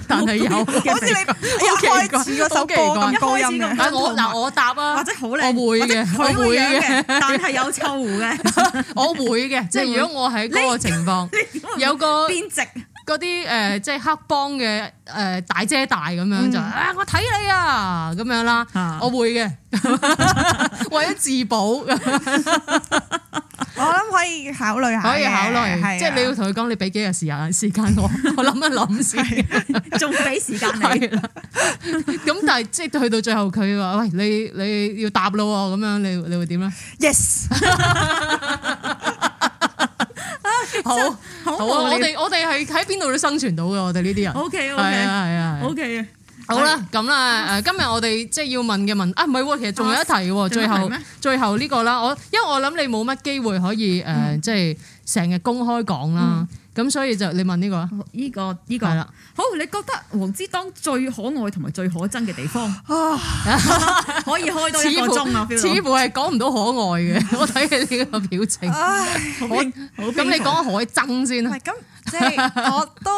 但係有。好似你又開始嗰首歌咁，一開始咁。嗱我答啊，或者好靚，我會嘅，我會嘅，但係有臭狐嘅。我會嘅，即係如果我喺嗰個情況，有個編值。嗰啲誒即係黑幫嘅誒、呃、大姐大咁樣就、嗯、啊我睇你啊咁樣啦，啊、我會嘅， 為咗自保， 我諗可以考慮下。可以考慮，即係的你要同佢講，你俾幾日時間的時間我，我諗一諗先，仲俾時間你。咁但係即係去到最後，佢話喂你你，你要答咯喎，咁樣你你會點呀？Yes。 好，好，好 我，我哋我哋係喺邊度都生存到嘅，我哋呢啲人。O K，O K，係啊，係啊，O K，好啦，咁啦，誒，今日我哋即係要問嘅問，啊，唔係，其實仲有一題，啊、最後，最後呢、這個啦，我，因為我諗你冇乜機會可以誒、呃，即係成日公開講啦。嗯咁所以就你問呢個？呢個依個係啦，好，你覺得黃之擔最可愛同埋最可憎嘅地方可以開多一個鐘！似乎係講唔到可愛嘅，我睇佢呢個表情。好，好，咁你講下可憎先啦。唔係咁，即係我都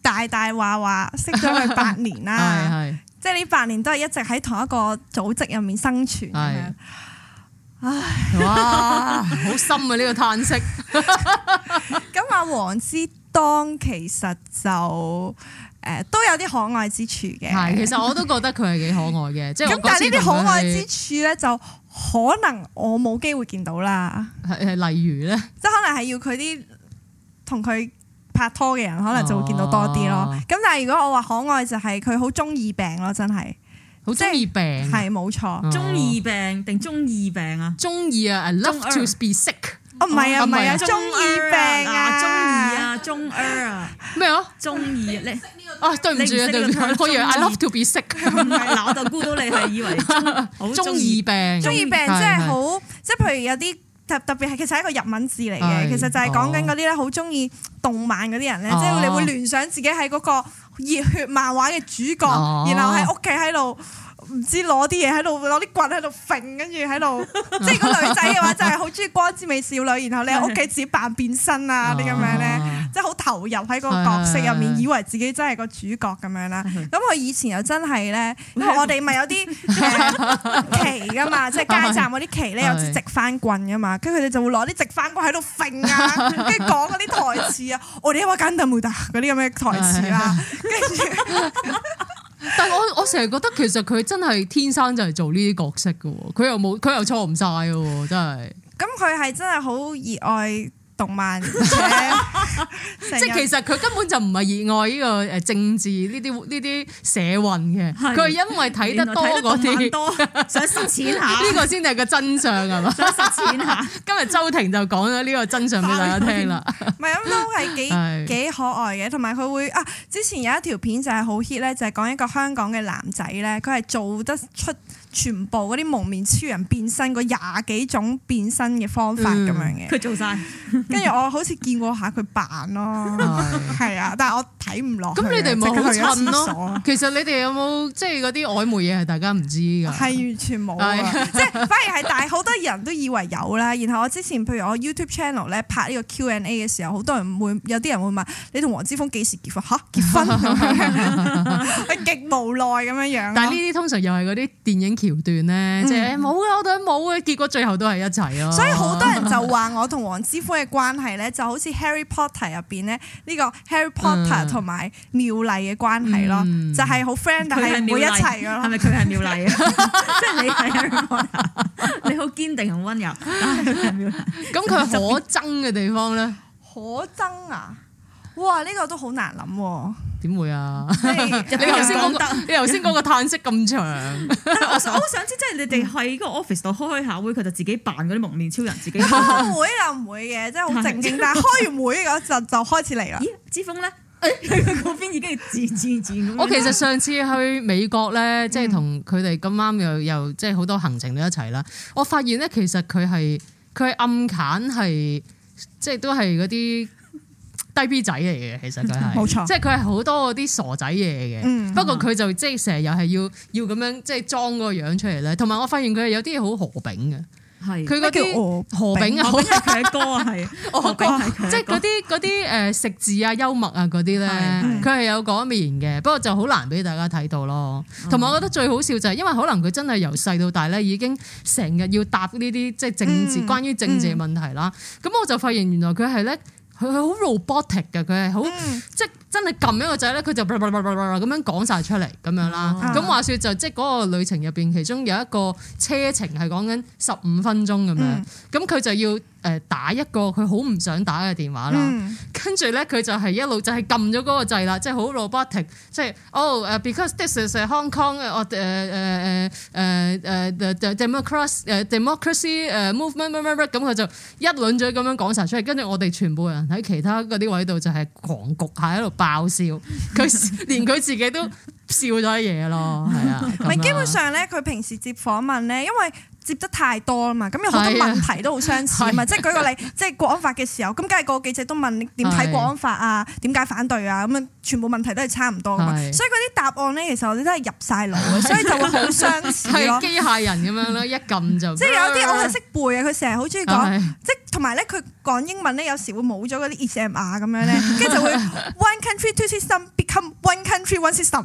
大大話話識咗佢八年啦，即係呢八年都係一直喺同一個組織入面生存。唉，哇，好 深啊！呢 個嘆息。咁 阿黃之當其實就誒、呃、都有啲可愛之處嘅。係，其實我都覺得佢係幾可愛嘅。即係咁，但係呢啲可愛之處咧，就可能我冇機會見到啦。係係，例如咧，即係可能係要佢啲同佢拍拖嘅人，可能就會見到多啲咯。咁、哦、但係如果我話可愛就係佢好中意病咯，真係。好中意病，係冇錯，中意病定中二病啊？中二啊，I love to be sick。哦，唔係啊，唔係啊，中二病啊，中二啊，中啊。咩啊？中二啊，你？哦，對唔住啊，對唔住，我以為 I love to be sick。唔係，嗱，我就估到你係以為中意病。中二病即係好，即係譬如有啲特特別係其實係一個日文字嚟嘅，其實就係講緊嗰啲咧好中意動漫嗰啲人咧，即係你會聯想自己喺嗰個。熱血漫畫嘅主角，哦、然後喺屋企喺度唔知攞啲嘢喺度攞啲棍喺度揈，跟住喺度， 即係個女仔嘅話就係好中意光之美少女，然後你喺屋企自己扮變身啊啲咁樣咧。的即係好投入喺個角色入面，以為自己真係個主角咁樣啦。咁佢以前又真係咧，因為我哋咪有啲旗㗎嘛，即係街站嗰啲旗咧有支直翻棍㗎嘛，跟住佢哋就會攞啲直翻棍喺度揈啊，跟住講嗰啲台詞啊，我哋一揾簡到冇打嗰啲咁嘅台詞啦。跟住，但係我我成日覺得其實佢真係天生就係做呢啲角色㗎喎，佢又冇佢又錯唔曬喎，真係。咁佢係真係好熱愛。 是動漫，即係其實佢根本就唔係熱愛呢個誒政治呢啲呢啲社運嘅，佢係因為睇得多嗰啲，想實踐下，呢個先係個真相係嘛， 想實踐下。 今日周庭就講咗呢個真相俾大家聽啦。唔係咁，都係幾幾可愛嘅，同埋佢會啊。之前有一條片就係好 hit 咧，就係講一個香港嘅男仔咧，佢係做得出。全部嗰啲蒙面超人變身嗰廿幾種變身嘅方法咁、嗯、樣嘅，佢做晒，跟住我好似見過下佢扮咯，係啊的，但係我睇唔落。咁你哋冇去問咯。其實你哋有冇即係嗰啲曖昧嘢，係大家唔知噶，係完全冇，啊的，即係反而係但好多人都以為有啦。然後我之前譬如我 YouTube channel 咧拍呢個 Q and A 嘅時候，好多人會有啲人會問你同黃之鋒幾時結婚？吓結婚，我 極無奈咁樣樣，但係呢啲通常又係嗰啲電影。橋段咧，即係冇嘅，我哋冇嘅，結果最後都係一齊咯。所以好多人就話我同黃之鋒嘅關係咧，就好似 Harry Potter 入邊咧呢個 Harry Potter 同埋妙麗嘅關係咯，嗯、就係好 friend，但係唔會一齊嘅咯。係咪佢係妙麗啊？即係你係 Harry Potter，你好堅定，好溫柔。但係佢係妙麗。咁佢可憎嘅地方咧？可憎啊！哇，呢、這個都好難諗。點會啊？Hey, 你頭先講個，Yeah. 你頭先講個嘆息咁長。 我好想知，即係你哋喺個 office 度開開下會，佢就自己扮嗰啲蒙面超人，自己開會。 會又唔會嘅，即係好靜靜。 但係開完會嗰陣就開始嚟啦。咦？之鋒咧，誒，佢嗰邊已經自自自，自。我其實上次去美國咧，即係同佢哋咁啱又又即係好多行程都一齊啦。我發現咧，其實佢係佢係暗砍，係即係都係嗰啲。低 B 仔嚟嘅，其實佢係冇錯，即係佢係好多嗰啲傻仔嘢嘅。不過佢就即係成日又係要要咁樣即係裝個樣出嚟咧，同埋我發現佢有啲好何炳嘅，佢嗰啲何何炳啊，佢嘅歌啊係即係嗰啲啲誒食字啊、幽默啊嗰啲咧，佢係有嗰一面嘅。不過就好難俾大家睇到咯。同埋我覺得最好笑就係因為可能佢真係由細到大咧已經成日要答呢啲即係政治關於政治嘅問題啦。咁我就發現原來佢係咧。佢佢好 robotic 㗎，佢係好即。真係撳一個掣咧，佢就咁樣講曬出嚟咁樣啦。咁、oh. 話說就即係嗰個旅程入邊，其中有一個車程係講緊十五分鐘咁、mm. 樣，咁佢就要誒打一個佢好唔想打嘅電話啦。跟住咧，佢就係一路就係撳咗嗰掣啦，即係好 robotic。所以 oh because this is a Hong Kong or 誒誒誒誒 democracy 誒 movement 咁，佢就一輪嘴咁樣講曬出嚟。跟住我哋全部人喺其他啲位度就係狂焗喺度。爆笑！佢連佢自己都。笑咗嘢咯，係啊，咪基本上咧，佢平時接訪問咧，因為接得太多啦嘛，咁有好多問題都好相似啊嘛，即係舉個例，即係國安法嘅時候，咁梗係個個記者都問你點睇國安法啊，點解反對啊，咁啊，全部問題都係差唔多啊嘛，所以嗰啲答案咧，其實我哋真係入晒腦啊，所以就會好相似咯，啊、機械人咁樣咧，一撳就，即係有啲我係識背啊，佢成日好中意講，即係同埋咧佢講英文咧，有時會冇咗嗰啲 ism r 咁樣咧，跟住就會 one country two system become one country one system。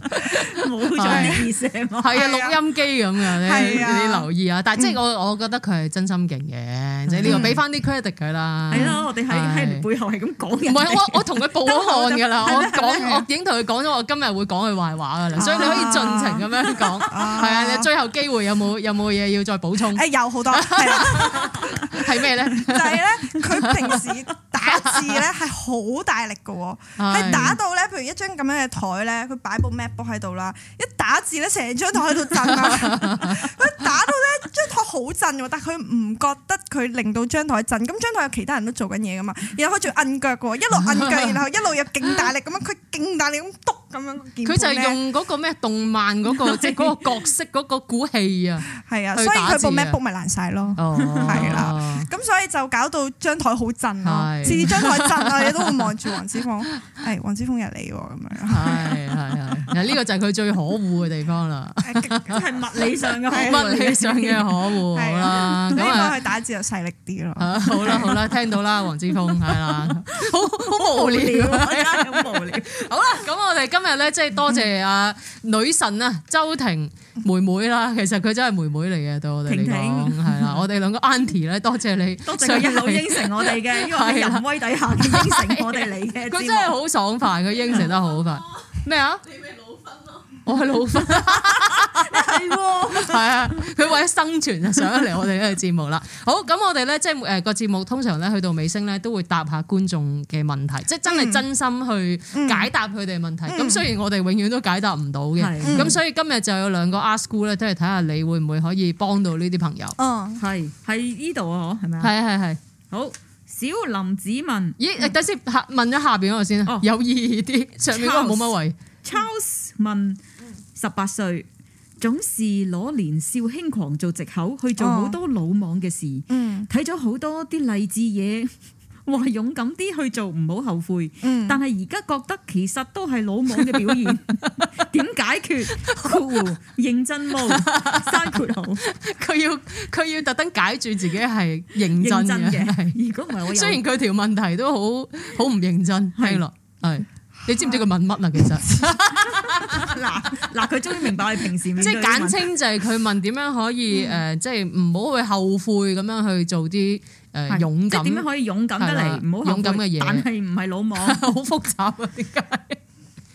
冇咗啲意思咯，係啊，錄音機咁樣，你你留意啊！但係即係我我覺得佢係真心勁嘅，你呢個俾翻啲 credit 佢啦。係啦，我哋喺喺背後係咁講嘅。唔係我我同佢報咗案噶啦，我講我已經同佢講咗，我今日會講佢壞話噶啦，所以你可以盡情咁樣講。係啊，你最後機會有冇有冇嘢要再補充？有好多係咩咧？就係咧，佢平時打字咧係好大力噶，係打到咧，譬如一張咁樣嘅台咧，佢擺部 Mac 喺度啦，一打字咧，成張台喺度震啊！佢打到咧，張台好震嘅，但係佢唔覺得佢令到張台震。咁張台有其他人都做緊嘢噶嘛，然後佢仲摁腳嘅，一路摁腳，然後一路又勁大力咁樣，佢勁大力咁篤。佢就係用嗰個咩動漫嗰個，即係嗰個角色嗰個鼓氣啊，係啊，所以佢個 macbook 咪爛晒咯，係啦，咁所以就搞到張台好震咯，次次張台震啊，你都會望住黃之鋒，係黃之鋒入嚟喎，咁樣，係係，嗱，呢個就係佢最可惡嘅地方啦，係物理上嘅物理上嘅可惡啦，咁應該佢打字就細力啲咯，好啦好啦，聽到啦黃之鋒，係啦，好好無聊啊，真係好無聊，好啦，咁我哋今。今日咧，即係多謝阿女神啊，周庭妹妹啦。其實佢真係妹妹嚟嘅，聽聽對我哋嚟講係啦。我哋兩個 aunty 咧，多謝你，多謝佢一路應承我哋嘅，因為係淫威底下佢應承，我哋嚟嘅。佢真係好爽快，佢應承得好好快。咩啊？ 我係老花，係係 啊！佢 為咗生存啊， 上咗嚟我哋呢個節目啦。好，咁，我哋咧即係誒個節目通常咧去到尾聲咧都會答下觀眾嘅問題，嗯、即係真係真心去解答佢哋嘅問題。咁、嗯、雖然我哋永遠都解答唔到嘅，咁、嗯、所以今日就有兩個 ASKGOO 咧，都係睇下你會唔會可以幫到呢啲朋友。哦，係喺呢度啊，嗬，係咪啊？係係好，小林子文，咦、嗯？等下下先，問咗下邊嗰個先有意義啲，上面嗰個冇乜位 Charles 問。 十八歲總是攞年少輕狂做藉口去做好多魯莽嘅事，睇咗好多啲勵志嘢，話勇敢啲去做唔好後悔。嗯、但係而家覺得其實都係魯莽嘅表現，點 解決？認真冇刪括號，佢要佢要特登解住自己係認真嘅。如果唔係，我雖然佢條問題都好好唔認真，係咯係。是你知唔知佢問乜啊？其實嗱嗱，佢終於明白我哋平時即係簡稱就係佢問點樣可以誒，即係唔好去後悔咁樣去做啲誒勇敢，即係點樣可以勇敢得嚟唔好勇敢嘅嘢，但係唔係魯莽，好複雜啊！點解？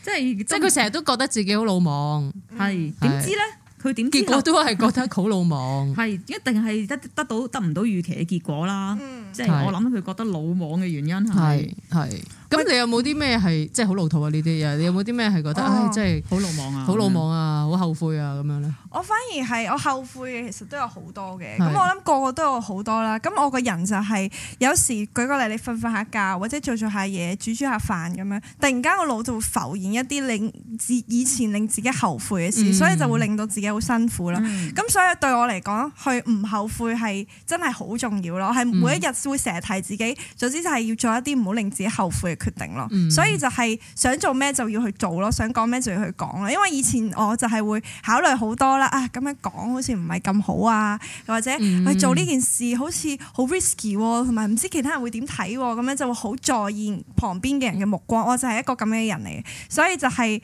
即係即係佢成日都覺得自己好魯莽，係點知咧？佢點結果都係覺得好魯莽，係一定係得得到得唔到預期嘅結果啦。即係我諗佢覺得魯莽嘅原因係係。咁你有冇啲咩係即係好老土啊？呢啲嘢，你有冇啲咩係覺得唉、哦哎，真係好魯莽啊，好魯莽啊，好後悔啊咁、啊、樣咧？我反而係我後悔嘅其實都有好多嘅。咁是我諗個個都有好多啦。咁我個人就係、是、有時舉個例，你瞓瞓下覺，或者做做下嘢，煮煮下飯咁樣，突然間個腦就會浮現一啲令以前令自己後悔嘅事，嗯、所以就會令到自己好辛苦啦。咁、嗯、所以對我嚟講，去唔後悔係真係好重要咯。係、嗯、每一日會成日提自己，總之就係要做一啲唔好令自己後悔決定咯，所以就係想做咩就要去做咯，想講咩就要去講啦。因為以前我就係會考慮好多啦，啊咁樣講好似唔係咁好啊，或者去做呢件事好似好 risky，同埋唔知其他人會點睇，咁樣就會好在意旁邊嘅人嘅目光。我就係一個咁樣嘅人嚟，所以就係、是，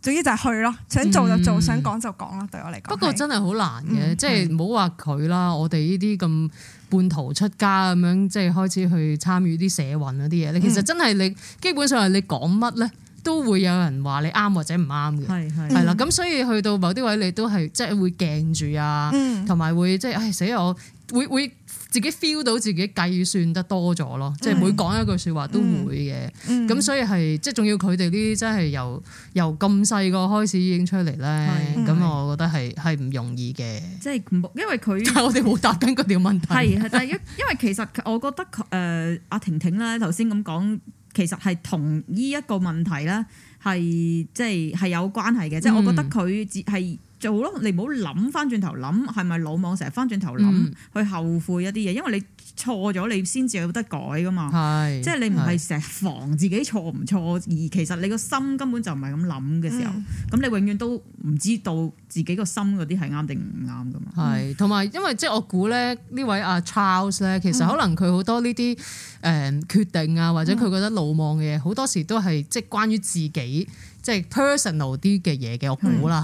總之就係去咯。想做就做，想講就講咯。對我嚟講，不過真係好難嘅，嗯、即係唔好話佢啦，我哋呢啲咁。半途出家咁樣，即係開始去參與啲社運嗰啲嘢咧。嗯、其實真係你基本上係你講乜咧，都會有人話你啱或者唔啱嘅。係係是是 了。係啦，咁所以去到某啲位，你都係即係會鏡住啊，同埋、嗯、會即係、就是、唉，死我。會會自己 feel 到自己計算得多咗咯，即係唉每講一句說話都會嘅，咁、嗯嗯、所以係即係仲要佢哋啲真係由由咁細個開始已經出嚟咧，咁、嗯、我覺得係係唔容易嘅。即係因為佢，但係我哋冇答緊嗰條問題。係，但係因因為其實我覺得誒阿、呃、婷婷咧頭先咁講，其實係同呢一個問題咧係即係係有關係嘅。即係、嗯、我覺得佢只就好咯，你唔好諗翻轉頭諗係咪魯莽，成日翻轉頭諗去後悔一啲嘢，因為你錯咗，你先至有得改噶嘛。係，係即係你唔係成日防自己錯唔錯，而其實你個心根本就唔係咁諗嘅時候，咁、嗯、你永遠都唔知道自己個心嗰啲係啱定唔啱噶嘛。係，同埋因為即係我估咧呢位阿 Charles 咧，其實可能佢好多呢啲誒決定啊，或者佢覺得魯莽嘅嘢，好多時都係即係關於自己。即係 personal 啲嘅嘢嘅，我估啦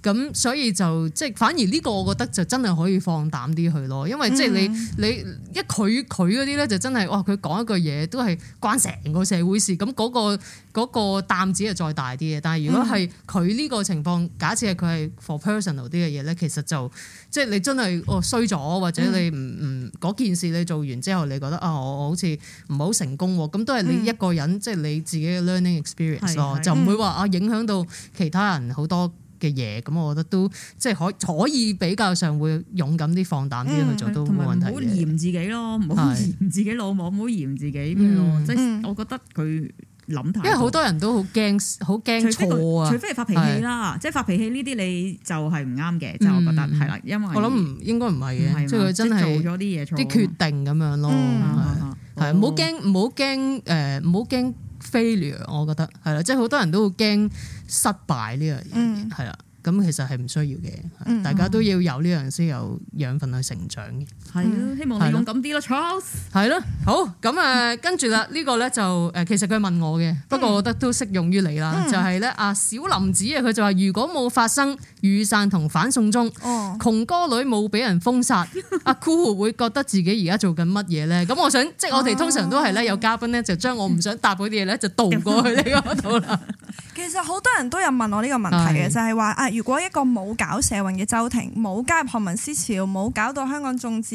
吓，咁、嗯、所以就即係反而呢個，我覺得就真係可以放膽啲去咯。因為即係你你一佢佢嗰啲咧，就真係哇！佢講一句嘢都係關成個社會事，咁嗰個嗰個擔子係再大啲嘅。但係如果係佢呢個情況，假設佢係 for personal 啲嘅嘢咧，其實就。即係你真係哦衰咗，或者你唔唔嗰件事你做完之後，你覺得啊、哦，我我好似唔係好成功喎，咁都係你一個人，即係、嗯、你自己嘅 learning experience 咯的，就唔會話啊影響到其他人好多嘅嘢。咁我覺得都即係可可以比較上會勇敢啲、放膽啲去做都冇問題。唔好嫌自己咯，唔好的嫌自己老母，唔好嫌自己。即係的我覺得佢。諗因為好多人都好驚，好驚錯啊！除非係發脾氣啦，即係發脾氣呢啲你就係唔啱嘅，就我覺得係啦，因為我諗唔應該唔係嘅，即係佢真係做咗啲嘢錯，啲決定咁樣咯，係啊，唔好驚，唔好驚，誒，唔好驚 fail，我覺得係啦，即係好多人都會驚失敗呢樣嘢係啦。咁其實係唔需要嘅，大家都要有呢樣先有養分去成長嘅。係啊，希望你勇敢啲咯，Charles。係咯，好咁啊，跟住啦，呢個咧就誒，其實佢問我嘅，不過我覺得都適用於你啦，就係咧，阿小林子啊，佢就話如果冇發生雨傘同反送中，窮歌女冇俾人封殺，阿 Goo 會覺得自己而家做緊乜嘢咧？咁我想，即係我哋通常都係咧有嘉賓咧，就將我唔想答嗰啲嘢咧，就導過去你嗰度啦。其實好多人都有問我呢個問題嘅，就係話誒。如果一個冇搞社運嘅周庭，冇加入學民思潮，冇搞到香港眾志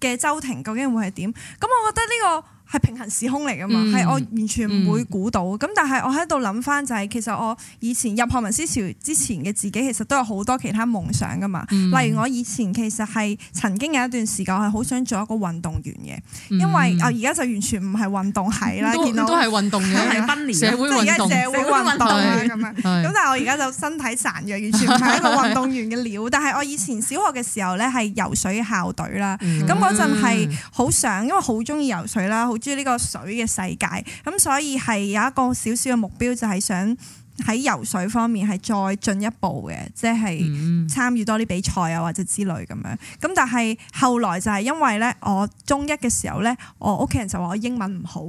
嘅周庭，究竟會係點？咁我覺得呢個。係平行時空嚟㗎嘛，係我完全唔會估到。咁但係我喺度諗翻就係，其實我以前入學民思潮之前嘅自己，其實都有好多其他夢想㗎嘛。例如我以前其實係曾經有一段時間我係好想做一個運動員嘅，因為我而家就完全唔係運動系啦，見到都係運動嘅，社會，即係而家社會運動咁樣。咁但係我而家就身體孱弱，完全唔係一個運動員嘅料。但係我以前小學嘅時候咧，係游水校隊啦，咁嗰陣係好想，因為好中意游水啦。好鍾意呢個水嘅世界，咁所以係有一個少少嘅目標，就係、是、想喺游水方面係再進一步嘅，即係參與多啲比賽啊，或者之類咁樣。咁但係後來就係因為咧，我中一嘅時候咧，我屋企人就話我英文唔好，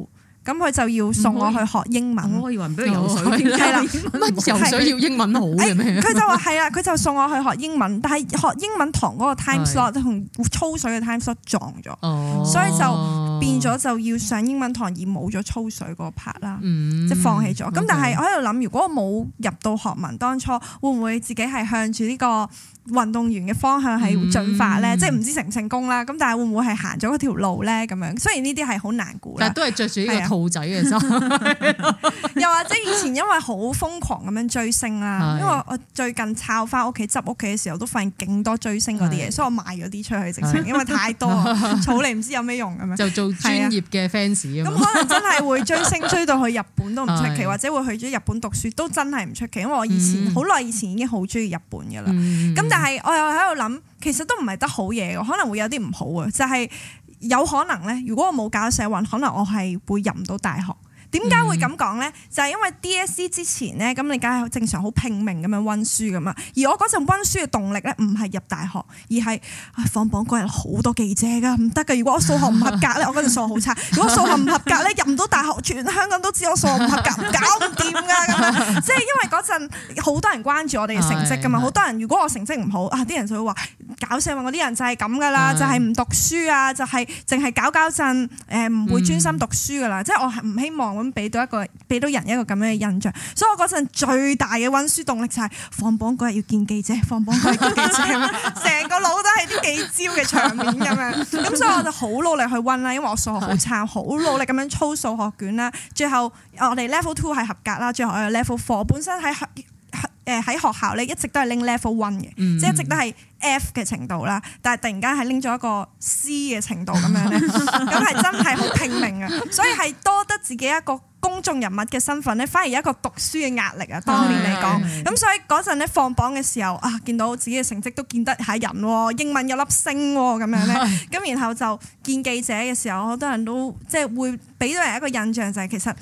咁佢就要送我去學英文。我可以混佢游水添，係啦了，乜游水想要英文好佢、欸、就話係啊，佢就送我去學英文，但係學英文堂嗰個 time slot 同操水嘅 time slot 撞咗，是所以就。變咗就要上英文堂而冇咗操水嗰 part 啦，即係、嗯、放棄咗。咁 Okay. 但係我喺度諗，如果我冇入到學文，當初會唔會自己係向住呢、呢個運動員嘅方向係進發咧，即係唔知成唔成功啦。咁但係會唔會係行咗嗰條路咧？咁樣雖然呢啲係好難估。但都係着住呢個兔仔嘅衫。又或者以前因為好瘋狂咁樣追星啦。因為我最近抄翻屋企執屋企嘅時候，都發現勁多追星嗰啲嘢，所以我賣咗啲出去直情，因為太多草，你唔知有咩用咁樣。就做專業嘅 fans。咁可能真係會追星追到去日本都唔出奇，或者會去咗日本讀書都真係唔出奇，因為我以前好耐以前已經好中意日本嘅啦。咁。但係，我又喺度諗，其實都唔係得好嘢嘅，可能會有啲唔好嘅，就係有可能咧。如果我冇搞社運，可能我係會入唔到大學。點解會咁講咧？就係、是、因為 DSE 之前咧，咁你梗係正常好拼命咁樣温書噶嘛。而我嗰陣温書嘅動力咧，唔係入大學，而係、哎、放榜嗰日好多記者噶，唔得噶。如果我數學唔合格咧，我嗰陣數學好差。如果數學唔合格咧，入唔到大學，全香港都知我數學唔合格，搞唔掂噶。即係因為嗰陣好多人關注我哋嘅成績噶嘛，好多人如果我成績唔好啊，啲人，人就會話搞社運嗰啲人就係咁噶啦，就係、是、唔讀書啊，就係淨係搞搞陣，誒唔會專心讀書噶啦。即係我係唔希望。俾到一個俾到人一個咁樣嘅印象，所以我嗰陣最大嘅溫書動力就係、是、放榜嗰日要見記者，放榜嗰日要見記者，成 個腦都係啲記招嘅場面咁樣，咁 所以我就好努力去溫啦，因為我數學好差，好努力咁樣操數學卷啦，最後我哋 level two 係合格啦，最後我 level four 本身喺。誒喺學校咧一直都係拎 level one 嘅，即係、嗯、一直都係 F 嘅程度啦。但係突然間係拎咗一個 C 嘅程度咁樣咧，咁係 真係好拼命啊！所以係多得自己一個公眾人物嘅身份咧，反而有一個讀書嘅壓力啊，當年嚟講。咁、嗯、所以嗰陣咧放榜嘅時候啊，見到自己嘅成績都見得係人喎，英文有粒星喎咁樣咧。咁然後就見記者嘅時候，好多人都即係會俾到人一個印象就係、是、其實。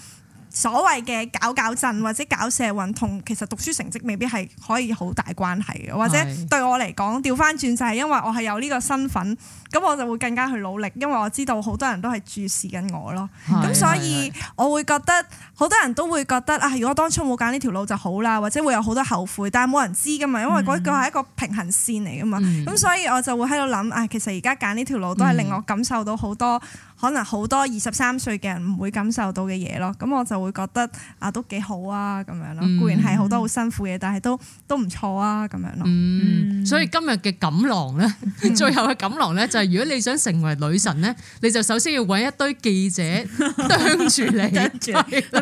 所謂嘅搞搞震或者搞社運，同其實讀書成績未必係可以好大關係嘅，是 或者對我嚟講，調翻轉就係因為我係有呢個身份，咁我就會更加去努力，因為我知道好多人都係注視緊我咯。咁是 所以，是是是我會覺得好多人都會覺得啊，如果當初冇揀呢條路就好啦，或者會有好多後悔，但係冇人知噶嘛，因為嗰個係一個平衡線嚟噶嘛。咁、嗯、所以，我就會喺度諗啊，其實而家揀呢條路都係令我感受到好多。可能好多二十三歲嘅人唔會感受到嘅嘢咯，咁我就會覺得啊，都幾好啊咁樣咯。固然係好多好辛苦嘢，但係都都唔錯啊咁樣咯。嗯，所以今日嘅錦囊咧，最後嘅錦囊咧就係如果你想成為女神咧，你就首先要揾一堆記者釘住你，就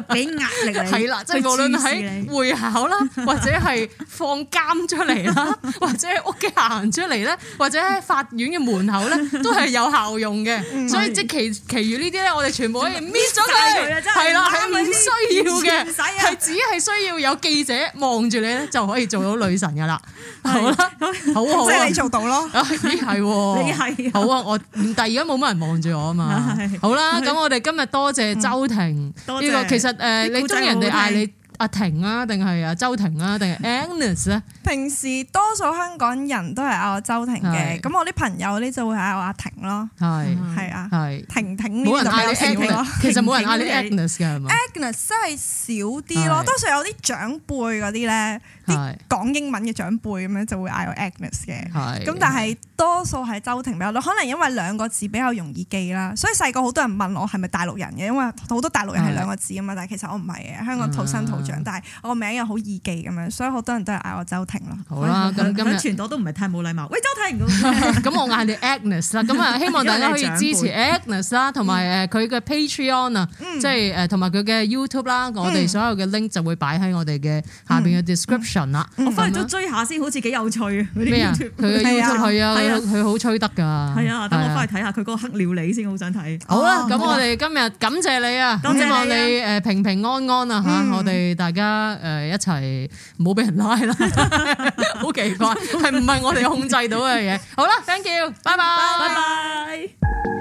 俾壓力你。係啦，即係無論喺會考啦，或者係放監出嚟啦，或者喺屋企行出嚟咧，或者喺法院嘅門口咧，都係有效用嘅。所以即其。其餘呢啲咧，我哋全部可以搣咗佢，係啦，係唔需要嘅，係用、啊、只係需要有記者望住你咧，就可以做到女神噶啦。好啦，好好， 你做到咯。咦、哎，係、哦、 你係呀好啊！我但係而家冇乜人望住我啊嘛。 好啦，咁我哋今日、嗯、多謝周庭呢個。其實誒，呃、謝謝你中意人哋嗌你 阿婷啊，定係啊周庭啊，定係 Agnes 咧？平時多數香港人都係嗌我周庭嘅，咁是我啲朋友咧就會嗌我阿婷咯。係係是啊，婷婷冇人嗌到婷婷咯。其實冇人嗌你。Agnes 嘅 Agnes 真係少啲咯，多數有啲長輩嗰啲咧，啲講是英文嘅長輩咁樣就會嗌我 Agnes 嘅是。係咁，但係多數係周庭比較多，可能因為兩個字比較容易記啦。所以細個好多人問我係咪大陸人嘅，因為好多大陸人係兩個字啊嘛。是但係其實我唔係嘅，香港土生土長，但係我個名又好易記咁樣，所以好多人都係嗌我周。好啦，咁今日存都唔係太冇禮貌。喂，周太唔好咁，我嗌你 Agnes 啦，咁啊，希望大家可以支持 Agnes 啦，同埋誒佢嘅 Patreon 啊，即係誒同埋佢嘅 YouTube 啦，我哋所有嘅 link 就會擺喺我哋嘅下邊嘅 description 啦。我翻去都追下先，好似幾有趣。咩啊？佢 YouTube 係啊，佢好吹得噶。係啊，等我翻去睇下佢嗰個黑料理先，好想睇。好啦，咁我哋今日感謝你啊，希望你誒平平安安啊吓，我哋大家誒一齊唔好俾人拉啦。好奇怪，係唔係我哋控制到嘅嘢？好啦，Thank you，拜拜，拜拜。